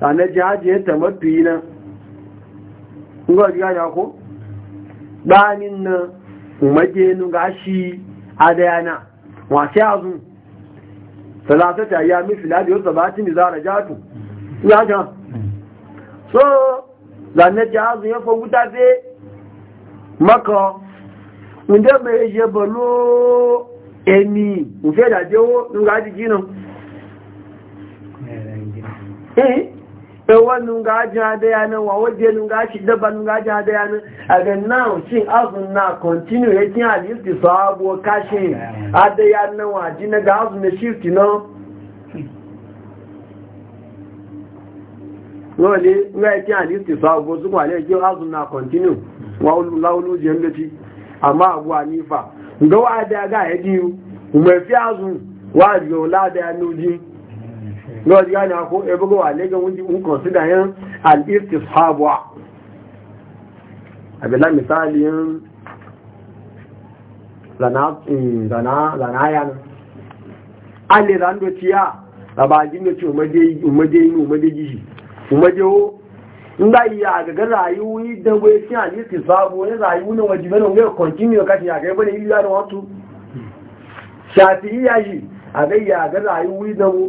a na jihajiyar tamattu yi nan ngọ́ rí ayà kó bá nínú umarje inú ga shi adayana wọ́n sí azun talatata ya mi filadi yóò sabatin da zara jatu ya jan so zanen jihazun ya fagúta fi maka ǹdẹ́ mẹ́rin ṣe bọ̀lú ẹni ìfẹ́ ìdàjẹ́wó nígbà jíjì náà tsawon nunga ajiya da yanar wa waje nunga shi daba nunga ajiya da yanar a now shin azun na continue ya kin halitti sabo kashin adaya da wa ji na ga azun na shifti na lọ́lẹ̀ nga ya kin halitti sabo su kwale ki azun na continue wa laulu jiyan da ci amma abu hanifa ga wa da ga ya biyu mai azun wa jiyo la da lọ́wọ́ yá ni a kó ẹgbẹ́gbẹ́ wà lẹ́gbẹ́ wọ́n ń kọ̀nsídà yẹn al misali yẹn lànà a lè rà ń a yá da ne umade yi umade yi umade ho nga iya gaga rayu yi da bai ci a lisi sabo ne rayu ne ya ga iya yi a iya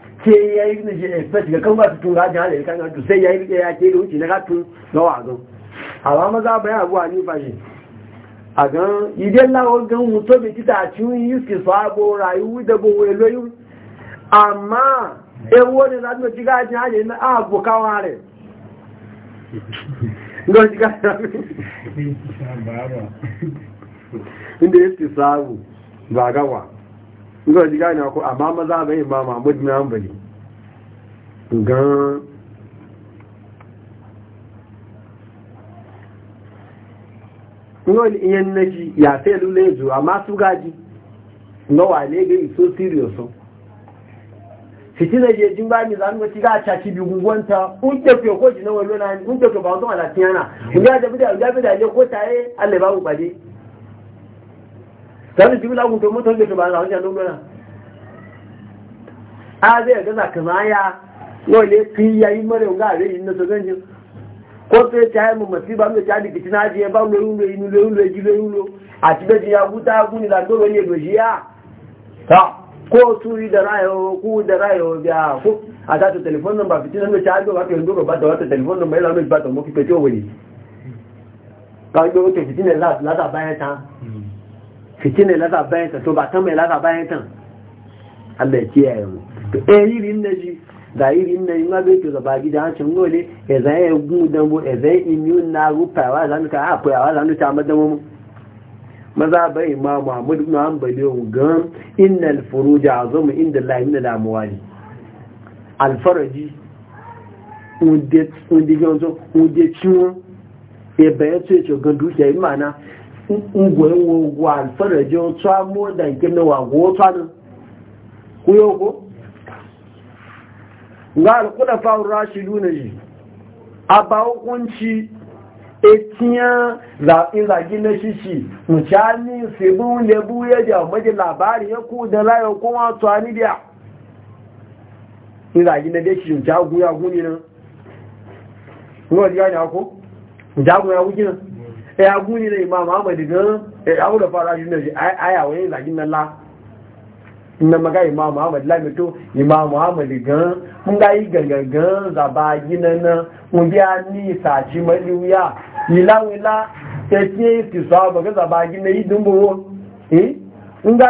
sai ya yi na express ga kan ba su tun rajin halayen kan hantu sai ya yi rike ya ke da wuce na katun na wagon amma maza bayan abuwa ni fashe a gan idan lawon gan mutu bai kita a cikin yi su sabo rayu da bo weloyi amma ewu ne za su ci gajin halayen na abu kawo re ga shi gajin inda ya su sabo ba gawa zuwa ji gane ko amma maza bai ba mahmud na hanbali gan nwa iyan na ji ya fi lule zu amma su gaji na ne ga iso fiti na je jin bani mi zanu ci ga chaci bi gungunta un ke ko ko ji na wani na un ke ko ba to ala tiyana un ga da bi da ga bi da ko taye Allah ba ku bade tare jibi lagun to mutum da ba za su nuna a zai ga za ka maya wale fi yayi mare ga re yin na sogan ji ko to ya tayi mu masiba mu ta dikiti na ba lo yin lo yin lo yin lo ji yin lo a ti be ya buta ku ni la ne do jiya ta ko yi da rayo ku da rayo biya ku a ta telefon number fitin nan ta do ba ke ndo ba da wata telefon number ila mai ba to mu ki pe to wani ka ndo to fitin la la da bayan ta fitina lasa bayan ta to ba ta mai lasa bayan ta Allah ya kiyaye mu to eh yiri na ji da yiri na yi ma bai to zaba gida hancin gole ya eh, zai ya gu dan eh, bo ya zai immune na rufa wa zan ka a koya wa zan ta madan mu maza bai ma Muhammad ibn yau gan innal furuja azum inda Allah min al amwali al faraji unde unde gonzo unde chiwo e eh, bayan ce ce ga dukiya imana ngwen wo gwa alfara je o tsa mo da nke na wa go tsa na ku yo ko ga al khulafa ar-rashidun ji aba hukunci etiya za in za gina shishi mutani se lebu le ya da maji labari ya ku da layo ko wa tsani dia in za gina da shi jagu ya guni nan ko ji ga ya ko jagu ya guni nan ya guni na imam ahmad gan ya fara shi ne aya wani zagin na la na maga imam ahmad gan mun yi gangan zaba gina na mun biya ni saci mali wuya ila wila ya ce ki so zaba yi dumbo eh in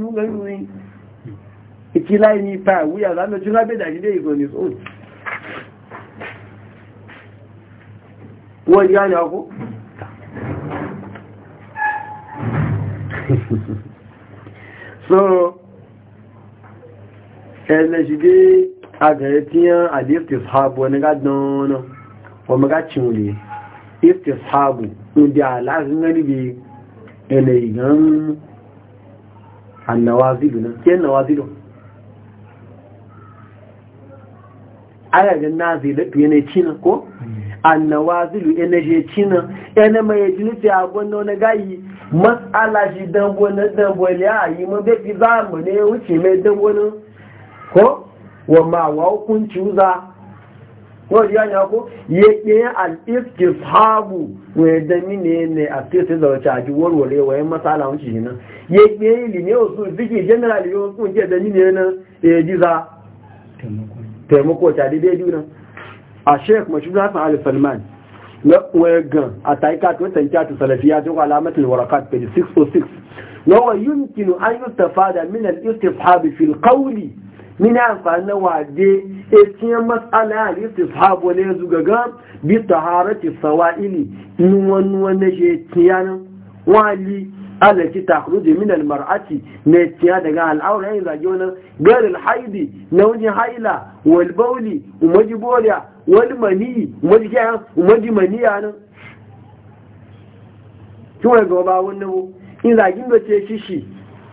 mu ìkí láì ní ipa ìwúyà lámẹ́jú lábẹ́dà jílé ìgbọ̀nì fún wọ́n yá ni ọkú so ẹlẹ́ṣìdé agẹ̀rẹ́ tí yán àdé ìfẹ̀fàbù ọ̀nà dánná ọmọ gáchìn lè ìfẹ̀fàbù ń di àlázínlẹ́ níbi ẹlẹ́ ìgbọ̀n annawazilu na kí agagan nazila to yana cina ko annawazilu yana je cina yana mai jinufi a gwanna na gayi matsala shi dambo na dambo ne a yi mabe fi za zamu ne wuce mai dan ne ko wa ma wa hukunci uza ko ya ya ko ye ke al istishabu wa da mine ne a sai da wata ji warware wa yan matsala wuce ne ye ke ilimi su zikin general yo kun je da mine ne e ji za? taimako ta daidai juna a sheik mashudu hassan al-salman na wagan a taika to tankiya to salafiya to alamatul warakat page 606 na wa yumkinu an yustafada min al-istifhab fi al-qawl min amfani wade etiyan mas'ala al-istifhab wala zugaga bi taharati sawaili nuwan wani je tiyan wali التي تخرج daga المرأة نتيا دغا الاور هي زاجونا haidi na wani Haila. wal bauli umaji boliya wal mani umaji kyan umaji maniya nan kiwon gaba wannan bu in zagin da ce shishi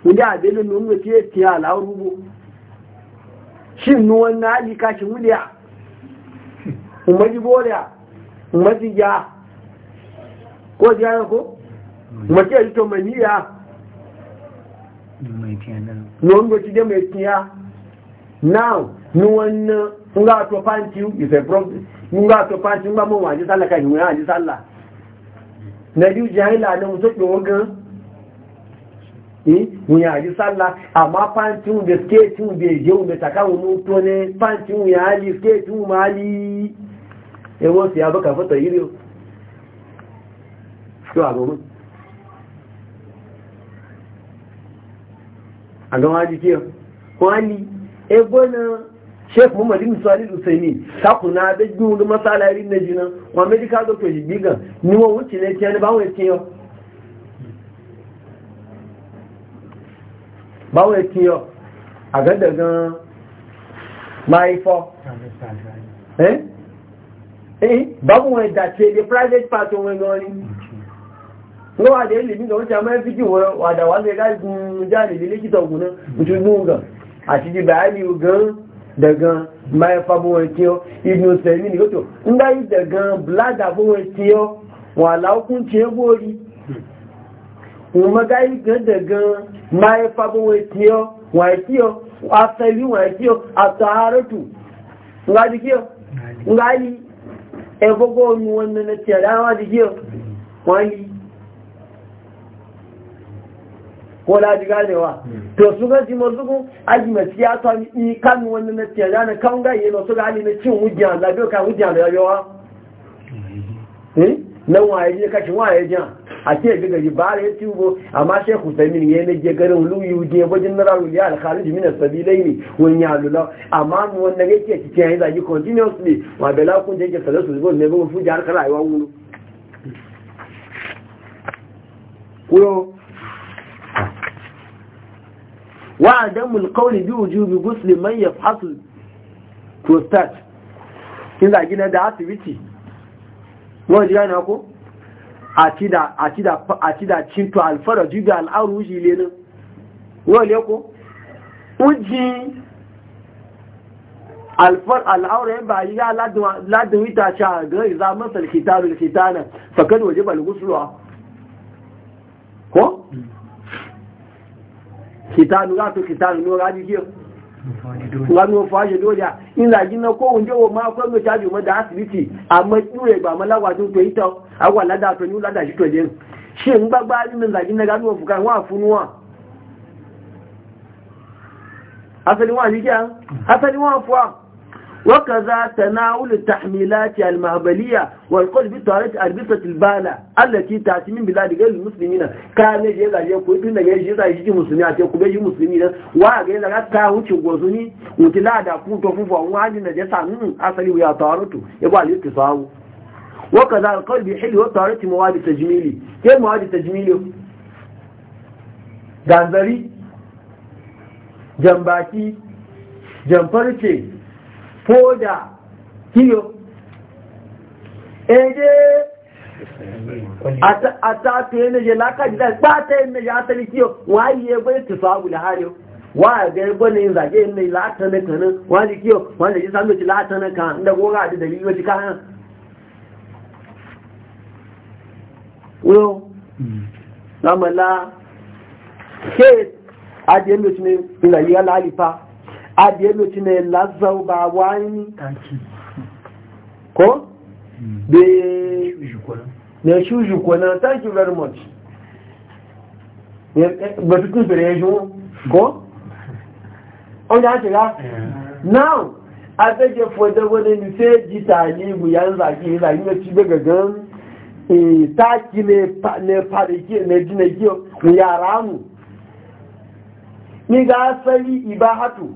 wanda a belin nun da ce tiya al'auru bu shin nuwan na alika shi wuliya umaji boliya umaji ya ko jiya ko umaji ya yi to maniya nuwan da ce mai tiya ni wannan sun ga to fanci is a problem mun to fanci mun ba mun waje sallah kai mun waje sallah na biyu jahila ne mun soke wagan eh mun waje sallah amma fanci mun da skate mun da je mun ta kawo mun to ne fanci mun ya ali skate mali e wo ka baka fata yiro to a gobe a ga waji kiyo sheikh muhammad ibn salih usaini ta kuna da gudu masala irin na jina wa medical doctor ji giga ni won wuce ne ke ni ba won tiyo ba won tiyo a ga daga mai fo eh eh ba mu da ce the private part won ngoni ngo wa de limi ngo ja wa da wa ga ga jani likita guna mutu gunga a ti daga mayafa bó wọn tí ó inú sẹ̀mí ni ó tó yi bá blada bó wọn tí ó wà láókún tí ó bóri wọn gan dagan mayafa bó wọn tí ó wọn tí ó afẹ́lú wọn tí ó àtọ̀ àárọ̀tù ńgá di kí ó ńgá yí ẹgbogbo omi wọn nana tí di e ko laji ganewa hmm. to su ga ji mazugu aji ajima siyasa ni kan wannan na tiyana na kan ga yana su ga hali na cin wujiya da biyo kan wujiya da yawa eh hmm. hmm? nan waye ne kashin waye jan a ce ga gari ba da ci ugo amma sai ku sami ne ne je garin luyu je bajin na rawu ya al-khalid min as-sabilai ne wani ya lula amma mu wannan yake cikin yayin zagi continuously wa bala kun je ke salasu zuwa ne ba fuji har kala ayi wuru wulu wa adamul qawli bi wujubi ghusl man yafhasu prostate kin da gina da asibiti wọ́n jẹ́ ní ọkọ́ àti dà cíntò alfọ́dọ̀ jùgbà al'arù òjì ilé náà wọ́n lè kó ó jí al'arù ẹ̀bà yíyá ládùn ìta ṣe àgán ìzá mọ́sàn kìtà rẹ̀ kìtà náà fàkẹ́dù òjẹ́ pẹ̀lú gúúsùlọ́wà kitanu gato kitanu no gaji kiyo wani wa fashe ko unje wo ma ko ma da asibiti amma kiwe ba ma lawa tun to ita agwa lada to ni lada shi to je shi n gbagba ni min zagi na gano fuka ni وكذا تناول التحميلات المهبلية والقول بطارة أربطة البالة التي تعتمين من بلاد المسلمين كان يجيزا يقول إبن يجيزا يجيزا مسلمين يقول يجي مسلمين وغيزا كاهو تشغوزني وتلا داكو تفوفا وعدنا نجسا أصلي ويا طارته يقول عليك صاو وكذا القول بحل وطارة مواد تجميلي كيف مواد تجميلي جنبري جنباتي جنبرتي ko da kilo ede a ta na je lakaji da ba ta ya tali kiyo waye ya bai tufa abu da hariyo wa ga yabo ne yin zage ne lata na kanin wani kiyo wanda ji sami lata na kan da gora da dalili wacce kayan wo lamala ke adiyan da su ne ina yi alalifa adiyar ci hmm. ne lazau ba wani ko? ne shuji kwanan thank you very much ba su tun fere shi ko? on ya shiga? now a tsage fodar wani nise ji talibu yan zaki zaki yi ci daga gan taki ne fariki eh, ne jina kiyo yara mu ni ga asali ibahatu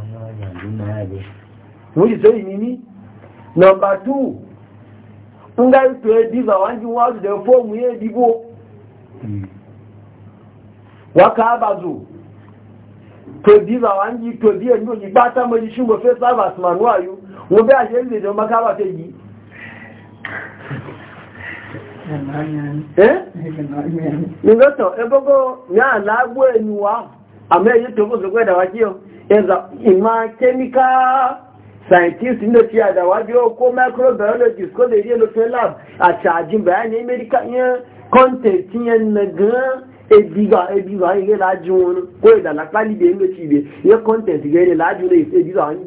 annabi wuri sai nini number 2 unga to ediza wanji wadu da form ye dibo hmm. waka abazu to diza wanji to die nyo ni bata mo jishingo fe service man wayo wo aje le do maka teji eh ngoto ebogo nya lagbo ame yi to bo wakio ima chemical scientist ne fiye da wajen ko microbiologist ko da yi lokacin lab a cajin bayanin america yin content yin na yi lajin wani ko e da lakali content ga yi lajin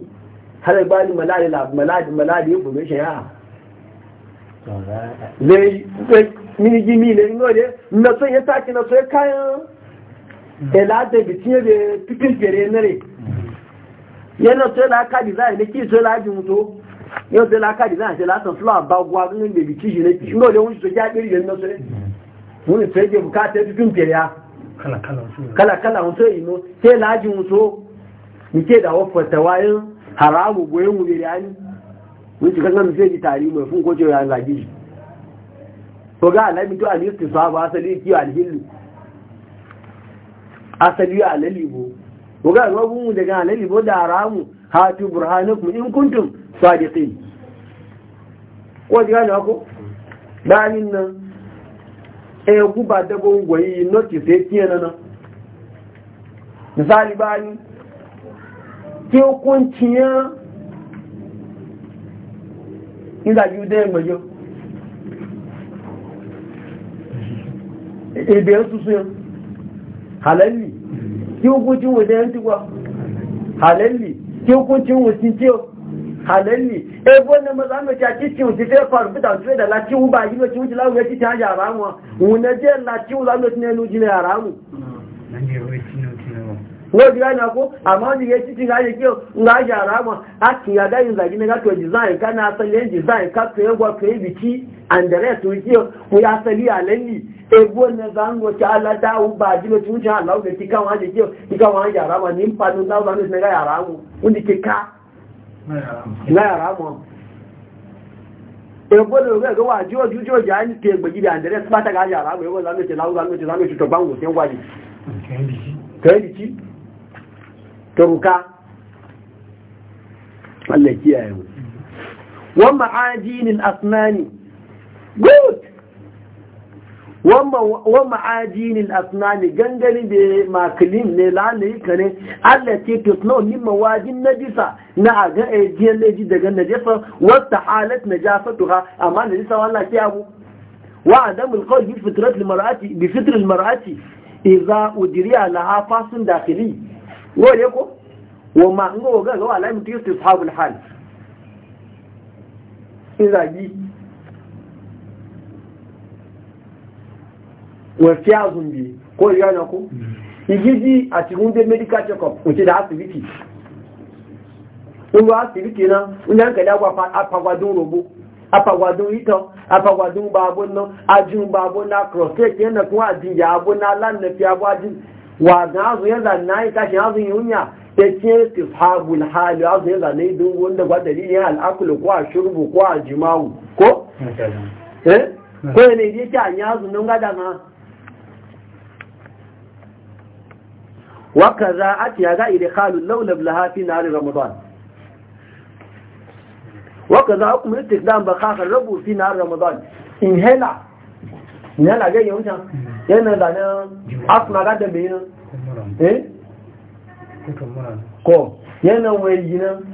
ya mini na so ya so ya kayan elada bitin ya bai pipin yana sai la ka design ne ki sai la ji muto yau sai la ka design sai la san flower ba gwa ganin da biki shi ne shi ne wani so ya kiri da nan sai mun sai bukata ta tun kiriya kala kala kala kala ni ke da wofa tawayin haramu goyen mu da yani mun ci kan sai di tari mai fun ko ce asali ki ga ruwanmu daga halali bo da haramu hatu burhanukum in kuntum sadiqin ko ji gane ko bayanin nan eh guba da bon goyi noti sai tiyan nan misali bani ke hukunciya inda ju da gbajo ebe eh, eh, susu halalli kí hukuncin wajen yanti kuwa halalli kí hukuncin wajen ciwo halalli ebo eh, na maza mai ta ci ciwo ci sai faru fita su da lati hu ba yi mai ciwo ci lawo ya ci ta haja ramuwa wuna je lati hu lawo ci ne nuji ne ramu wọ́n di ráyìn akó àmọ́ ní yẹ títí ráyè kí ń ráyà ara wọn a kì í agáyé ìzàgí ní gàtò design ká ní asẹ́lẹ̀ design ká tó ẹgbọ́ tó ẹbì tí àndẹ̀rẹ́ tó kí ó yá asẹ́lẹ̀ àlẹ́lì egbó ní zango tí aládáwò bá jílò tí ó jẹ́ aláwò tí káwọn á jẹ́ jẹ́ ìkáwọn á yàrá wọn ní ń pa ní láwọn àwọn ìsinmi yàrá wọn ó ní kíká láyàrá wọn egbó ní orí ẹ̀gọ́ wà jí ojú tí ó jẹ́ àìní tí egbè jíde àndẹ̀rẹ́ pátákà yàrá wọn ẹgbó lánàá ti láwọn lánàá ti lánàá ti tọ̀gbá wọn sí wáyé kẹ́ẹ̀lì tí tọrùká wọ́n máa jí ní asnani good wa ma'ajinin asnani gangani da makilin ne lalayi kare allah ce tusno ni mawajin najisa na a ga ajiyar e leji daga najasa wata halat najasatu ha amma najisa wala ke abu wa adamul qawl bi fitrat al mar'ati bi fitr al mar'ati idza udriya laha fasun dakhili wole ko wa ma ngo ga ga wala mutu yusabul hal idza gi wẹ̀fẹ́ àgùnbí kó ìyá ọ̀nàkú ìgídí àti gúndé medical check-up òtí da asibiti nínú asibiti náà ní ẹ̀kẹ̀lẹ́ apagwadun robo apagwadun itan apagwadun ba abo abo prostate yẹn nàkún àjíyà abo alánàfi abo wà gan azùn yẹn zàn náà azùn yìí ń yà ẹkí ẹsì fàágùn hàlù azùn yẹn zàn ìdúnwó ń yẹn àkùlù kó àṣùrùbù waka za a ce ga iri halin laulab lahafi na harin ramadan waka za a kuma ritik dan ba kakar rabu na harin ramadan yana da na asma eh? ko yana wayi nan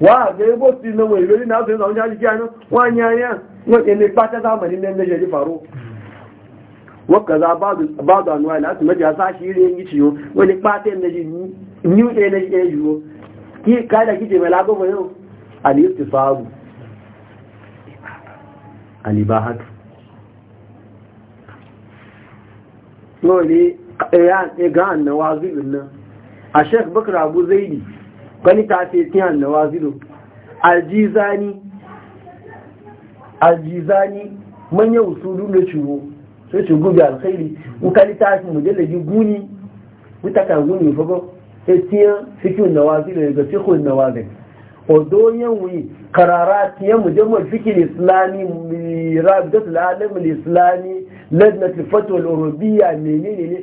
wa ga yabo su na wai gari na su yanzu wani hajji kiyanu wani yanya wani ne fata zamani ne na jari faru waka za ba yin new ki yau abu zaidi kwani tafifin annawa zido aljizani aljizani manyan usulu na ciro sai ci gubi alkhairi wukali tafifin mujallaji guni mutaka guni fago sai tiyan fikin nawa zido daga fikon nawa zido odo yanwi kararati ya mujammal fikir islami rabdat alalam islami ladnat fatwa al-urubiyya menene ne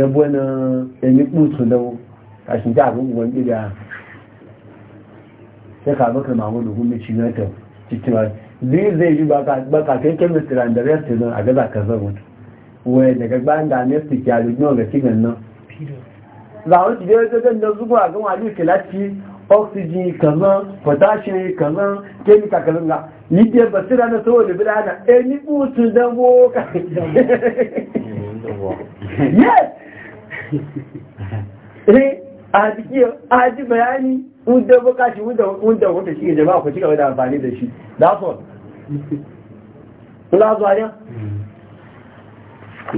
ẹgbẹ́ na ẹni pùtù lọ́wọ́ àṣìjá àgbógbò gíga ṣẹ́kà bọ́kà máa wọ́n lògún méjì mẹ́tọ̀ títí wá zai zai yi baka kai chemistry and the rest nan a gaza ka zama wai daga bayan da amnesty ya rigino ga cigan nan za a wuce jere gagan da zuba a gama aliyu kilati oxygen kazan potassium kazan chemical kazan ga ni ba basira na saboda bila na any eh, mutum dan boka yes Eh, a jiki a ji bayani wunda bukashi wunda wata shi jama'a ku cigaba da amfani da shi that's all kula zuwa ne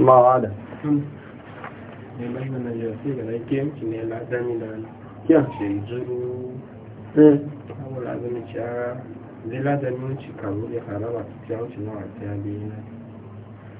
ma wada eh. zai ladamin ci kawo da harawa ta wuce na wata biyu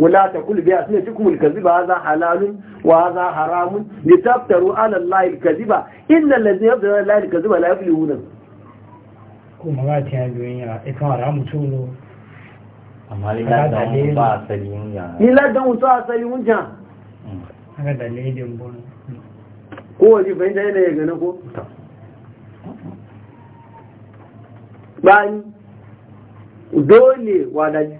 ولا تقول بأسنتكم الكذب هذا حلال وهذا حرام لتفتروا على الله الكذب إن الذين يفتروا على الله الكذب لا يفلحون kuma ba ta yi ya ikan ara mutu lo amma liladan wuta asali wunja liladan wuta asali wunja haka mm. dalilin bunu kowace fahimta yana ya gane ko bayan dole wadaji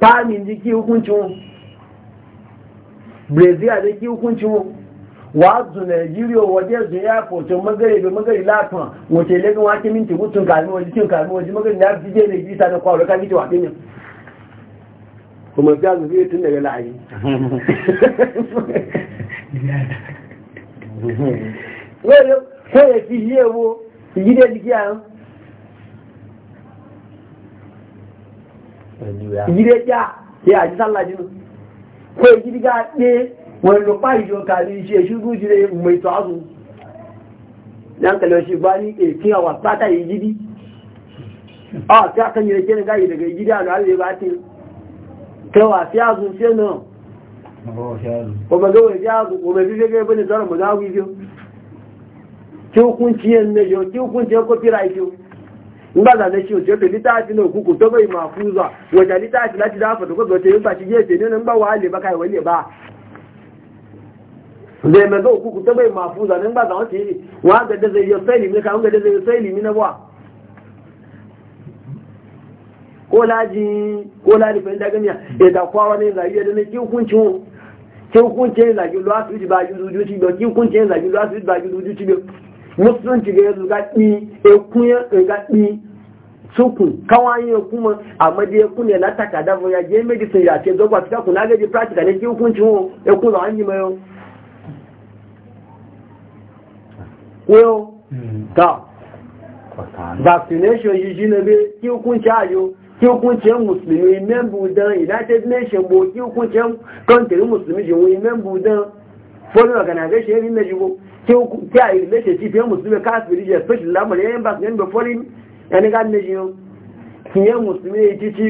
kamin ji ki hukuncin brazil da ki hukuncin wazu nigeria waje zu foto magari da magari latin wace legan wake minti gutun kalmi waje cin kalmi waje magari na fi je ne gisa na kwaro kan gita wafe ne kuma fiya zuwa tun daga la'ayi ko ya fi yi yawo yi da jiki a ìdílé já ṣe àjísàlá jínú pé ìdílé pé wọ́n lọ pa ìjọ kàrí iṣẹ́ ṣúgbú jíre mọ̀ ètò ààbò shi ba ni ke kin awa fata yi a ta kan yi daga fi ne nígbà tàbí ṣe òṣèré pé lítàtì náà kúkú tó bẹ́ ìmọ̀ àfúnzọ wọ̀jà lítàtì láti dáàfà tó kọ́bẹ̀ tó yóò ṣe ètè nínú nígbà wà lè bákà ìwọ̀n lè bá lẹ́mẹ̀gẹ́ òkúkú tó bẹ́ ìmọ̀ àfúnzọ nígbà tàwọn ti wọ́n á gẹ̀dẹ́sẹ̀ yọ zai yi káwọn gẹ̀dẹ́sẹ̀ yọ ba. Ko náà kolaji kolari fa inda ganiya e da kwawa ne zai yi ne ki hukunci ki hukunci zai yi lwa su ba yuzu juci ba ki hukunci zai yi lwa su ba yuzu juci ba musulunci ga e yanzu e ga ɗi e kunya ga ɗi suku kawai ya kuma a madiya kun ya lata ka dafo ya je medicine ya ce zogwa fita kuna gaji practical ne ki hukunci mu ya ku za an yi mayo ko hmm. ta vaccination yi ji na be ki hukunci ayo ki hukunci yan musulmi membu dan united nation bo ki hukunci yan country musulmi ji wani membu dan foreign organization yi na jibo ki a yi relationship yan musulmi kafiri especially lamarin yan ba su yan be foreign ẹni ká lè yíò kìyẹ mùsùlùmí títí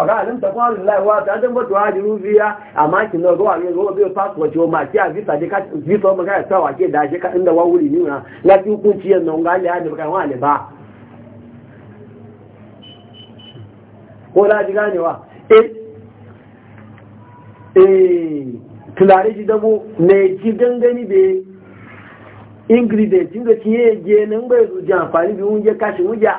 ọ̀rá àlẹ́mùsọ̀kún àrùnláì wá àti àjẹ́mọ̀tò àdìrú bí i àmá kì náà gọ́wà yóò gọ́wà bí i pásítọ̀tì ọmọ àti àvísà ọmọ káyà sọ àwọn akéèdà àṣẹ wúrì níwọ̀n láti kún tí ẹ̀nà ọ̀gá ilẹ̀ gangani ingredient inda ci e ye je nan bai zuji amfani bi wunje kashi wuja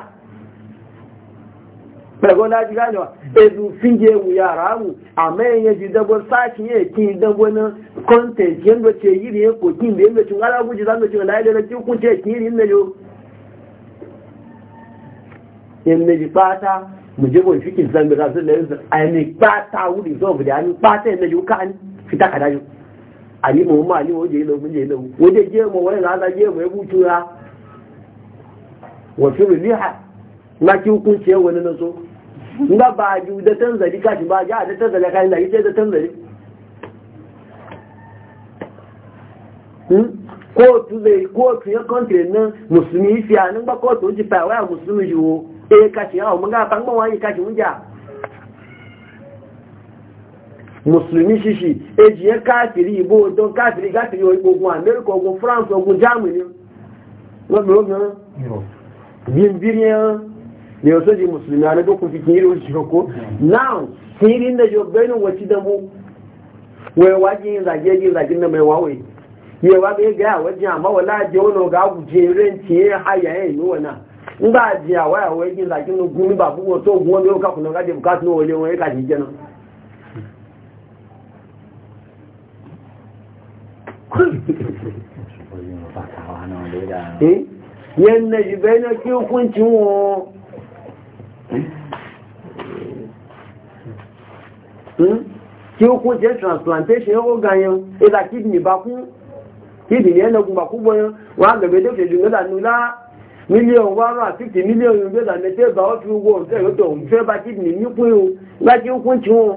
pẹ̀lú láti gánà ẹ̀dùn fíje wù yàrá wù àmọ́ ẹ̀yẹ ti dẹ́gbọ́ sáàkì yẹ kí n dẹ́gbọ́ náà kọ́ńtẹ̀ntì yẹn ló ṣe yìí yẹn kí n bẹ́ẹ̀ lọ́tún aláwọ̀ jù lánàá tí ó kún ali mo ma ali wo je lo mun je lo wo je je mo wa la la je ha e bu tura wa na ki na so nga ba ju da tan zari ba ja da tan zari ka ni da da tan zari kootu lè kóòtù na kọ́ntìrì náà mùsùlùmí fi àná gbọ́ kóòtù wo a. musulmi shishi ejiye kafiri igbo don kafiri gafiri ogun america ogun france ogun germany ogun yìnbíríyàn ni ó sójí musulmi alẹ́gbẹ́kùn fi kí irú na now kí rí ní ẹjọ́ bẹ́ẹ̀nù wọ́n ti dánwó wẹ̀wá jí ìrìnàjẹ́ jí ìrìnàjẹ́ náà mẹ́wàá wẹ̀ yẹ̀wá bẹ́ẹ̀ gẹ́ àwọ̀ jí àmọ́wọ̀ láàjẹ́ ya nà ọ̀gá àwùjẹ eré ya ẹ àyà ẹ̀ ìlú wọn náà ńgbà àjẹ́ àwọ̀ àwọ̀ jí ìrìnàjẹ́ náà gún ní bàbú tó gún wọn Eh? yẹn na jùbẹ́ náà kí ó kí ó kún jẹ́ transplantation ó ganyan ìlà kìdìní bá kún kìdìní ẹnàkùn bá kún bọ́yan wọ́n agbẹ̀gbẹ̀ tó fèjì mẹ́ta nílá mílíọ̀n wárọ̀ àfíkì mílíọ̀n yóò gbẹ́ta mẹ́tẹ́ bá ọ́ fi wọ́n fẹ́ bá kìdìní ní kún yóò láti ó kún tí wọ́n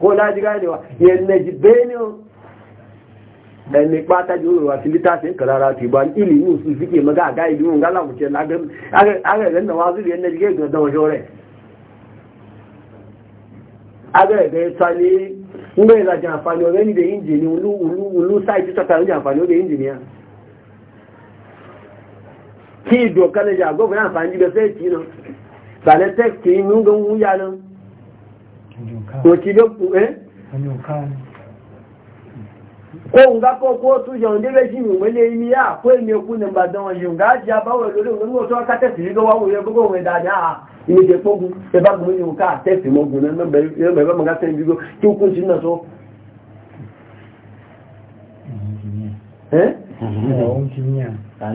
ko laji ganewa yanne ji benin ẹni ne kwata ji wurwa su littafin karara fi ba ilimin su suke maga a gaidi mun gala aga ce lagan agagan na wazu da yanne jike ga wajen rai agagan ya da injini ulu saiti ya sàlẹ̀ tẹ́kì inú gan wú yá náà kò tí ló kù ẹ́ kó ń gá kó kai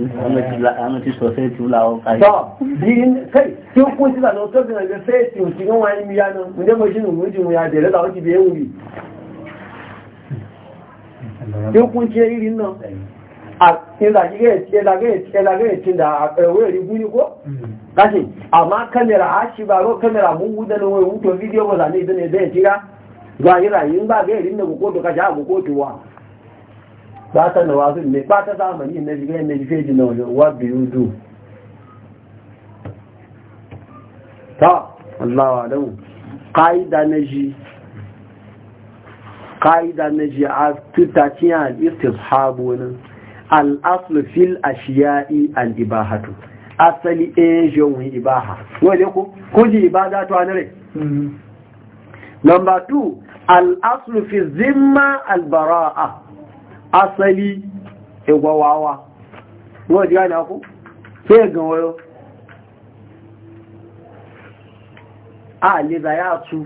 ti sọ fẹ́ẹ̀tì ó láwọ́ káyé. tọ́ tí ó kún sílà lọ tọ́sí ẹ̀gbẹ́ fẹ́ẹ̀tì ò sí níwọ̀n mu ya náà ǹjẹ́ mo ṣì ń mú jùmọ̀ ya jẹ̀rẹ́ làwọn ti bí ewu yìí. tí ó kún tiẹ́ rírí náà ìlàgẹ́ẹ̀tì da ẹ̀wọ́ èrí gúrí kó ya àmá kámẹ́rà á yi bá rọ́ kámẹ́rà mú wúdẹ́nu ewu Ba ta wasu ne bata zamani na jigai na jigai na wajen wa biyu du ta Allah wa lau ƙa'ida na ji ƙa'ida na ji a tutacin al'istis habu nan al'aslu fil ashiya'i al'ibahatu asali ejiyon wani ibaha wale ku kuji ibada to anare mm-hmm. number 2 al'aslu fi zimma al-bara'a asali egwawawa wọ́n di rádà kú tí ẹ̀gàn ọ̀rọ̀ àlèzà yá tú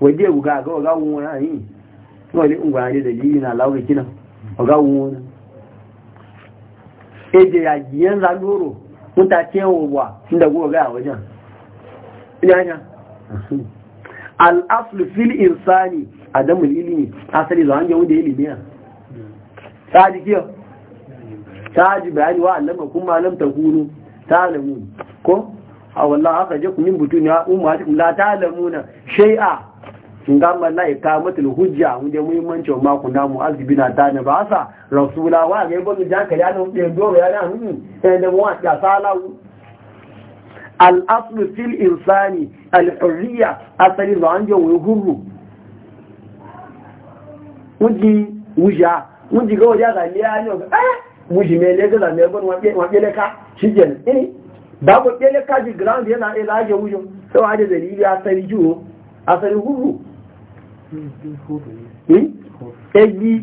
wọ́n dé ìwùgá àgọ́ ya wọn wọ́n yìí wọ́n lè ń gbà àlèzà yìí nà láwọ́ ìkínà ọ̀gá wọn wọ́n èdè àjíyàn lálóró ń ta ya fil insani adamul asali zo an da ya. ta ji ta ji bayani wa alama kuma malam ta kunu ta alamu ko a wallah aka je kun butun ya umma ummatikum la ta alamuna shay'a in ga mallai ka mutul hujja mun da muhimmanci ma ku na mu azbina ta ne ba sa rasula wa ga jaka ya an da do ya ran mu sai da mu wa ta sala al asl fil insani al hurriya asali ba an je wai hurru wuji wuja mun ji gawa ya zami ya yi ga eh mun ji mele ga zami gon wa wa ka shi ne. eh ba ko bele ka ji ground yana da ga wujo sai da dalili asali juwo asali huru hmm? eh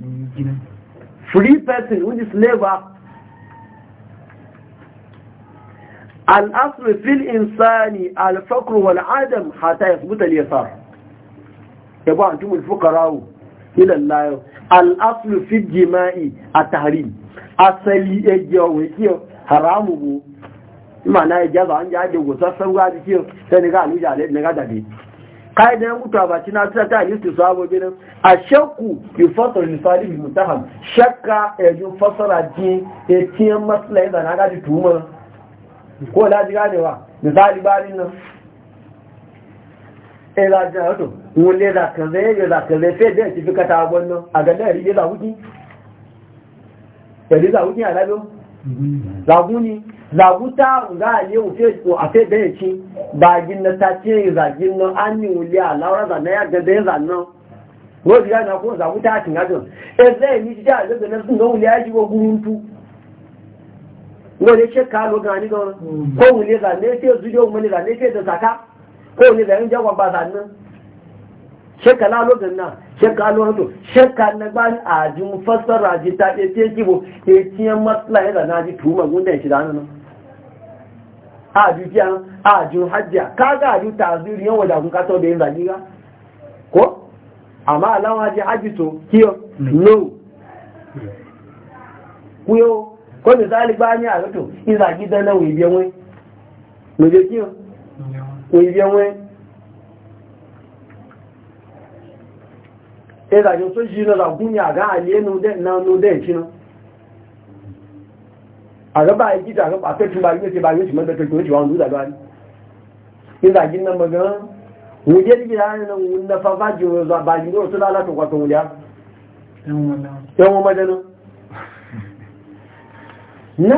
free person which is labor Adam hata ya الفقر والعدم حتى يثبت اليسار يبقى أنتم الفقراء ilallayo al'aflu fi jima'i a tahrim asali ya ji yawon kiyo haramu bu imana ya jaza an jaje gusassan gwaji kiyo sai ni ga aluja alayi na gada ne kaida ya mutu a baci na tuta ta yi su sabo binin a shakku yi fasar misali bi mutaham shakka ya ji fasara ji ya ciye masala yadda na gaji tuhumar ko laji ganewa misali barin nan ɗaya laji na wato wule za ka zai ya za ka zai fai da ci fi kata abuwan a ga dari ya zahuki ɗari zahuki a labin zagu ne zagu ta ga aliyu wufe ko a fai da ya ci ba gina ta ce zagin nan an yi wule a laura za na ya ga zai zan nan ko ziga na ko zagu ta cin gajin e zai yi ci da zaga na sun ga wule ya ji wa guruntu ko ne shekka lo gani don? ko wule za ne ce zuwa wule za ne ce da saka ko wule za yin jagwa ba zan nan shekka na lokacin na shekka lokacin shekka na ba ni a ji mu fassara ji ta ɗaya ce kibo ke ciyan matsala ya na ji tuhumar gunda shi da hannun a ji kiya a ji hajjiya ka ga a ji tazuri yawan da kun kasar da yin zagi ga ko amma alama ji hajji to kiyo no kuyo ko misali ba ni a gato in zagi da na wuyi biyan wai mu je kiyo wuyi biyan wai ẹzàjọ tó jí lọ́la gún ní àgá àlẹ́nu dẹ̀ ṣínú àgọ́bà ìjíta àgọ́bà pẹ́tùmbà yóò ti bá yóò ti mọ́bẹ̀ pẹ̀tù oṣù àwọn olùdàgbà ní ìzàjí na mọ̀gán na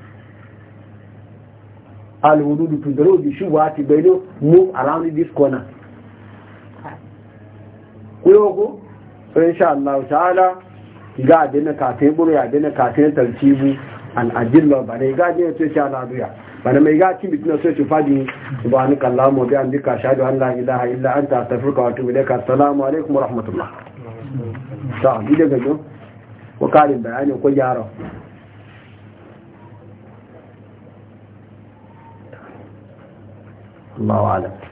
al-wududu to the road you should what you know move around this corner ko insha Allah ta'ala ga dina kafin buru ya dina kafin tartibu an ajilla ba dai ga dena to insha Allah duya bana mai ga ki bitin so ci fadi subhanaka allahumma bi amdika ashhadu an la ilaha illa anta astaghfiruka wa atubu ka assalamu alaikum wa rahmatullah ta bi daga ko karin bayani ko yaro الله أعلم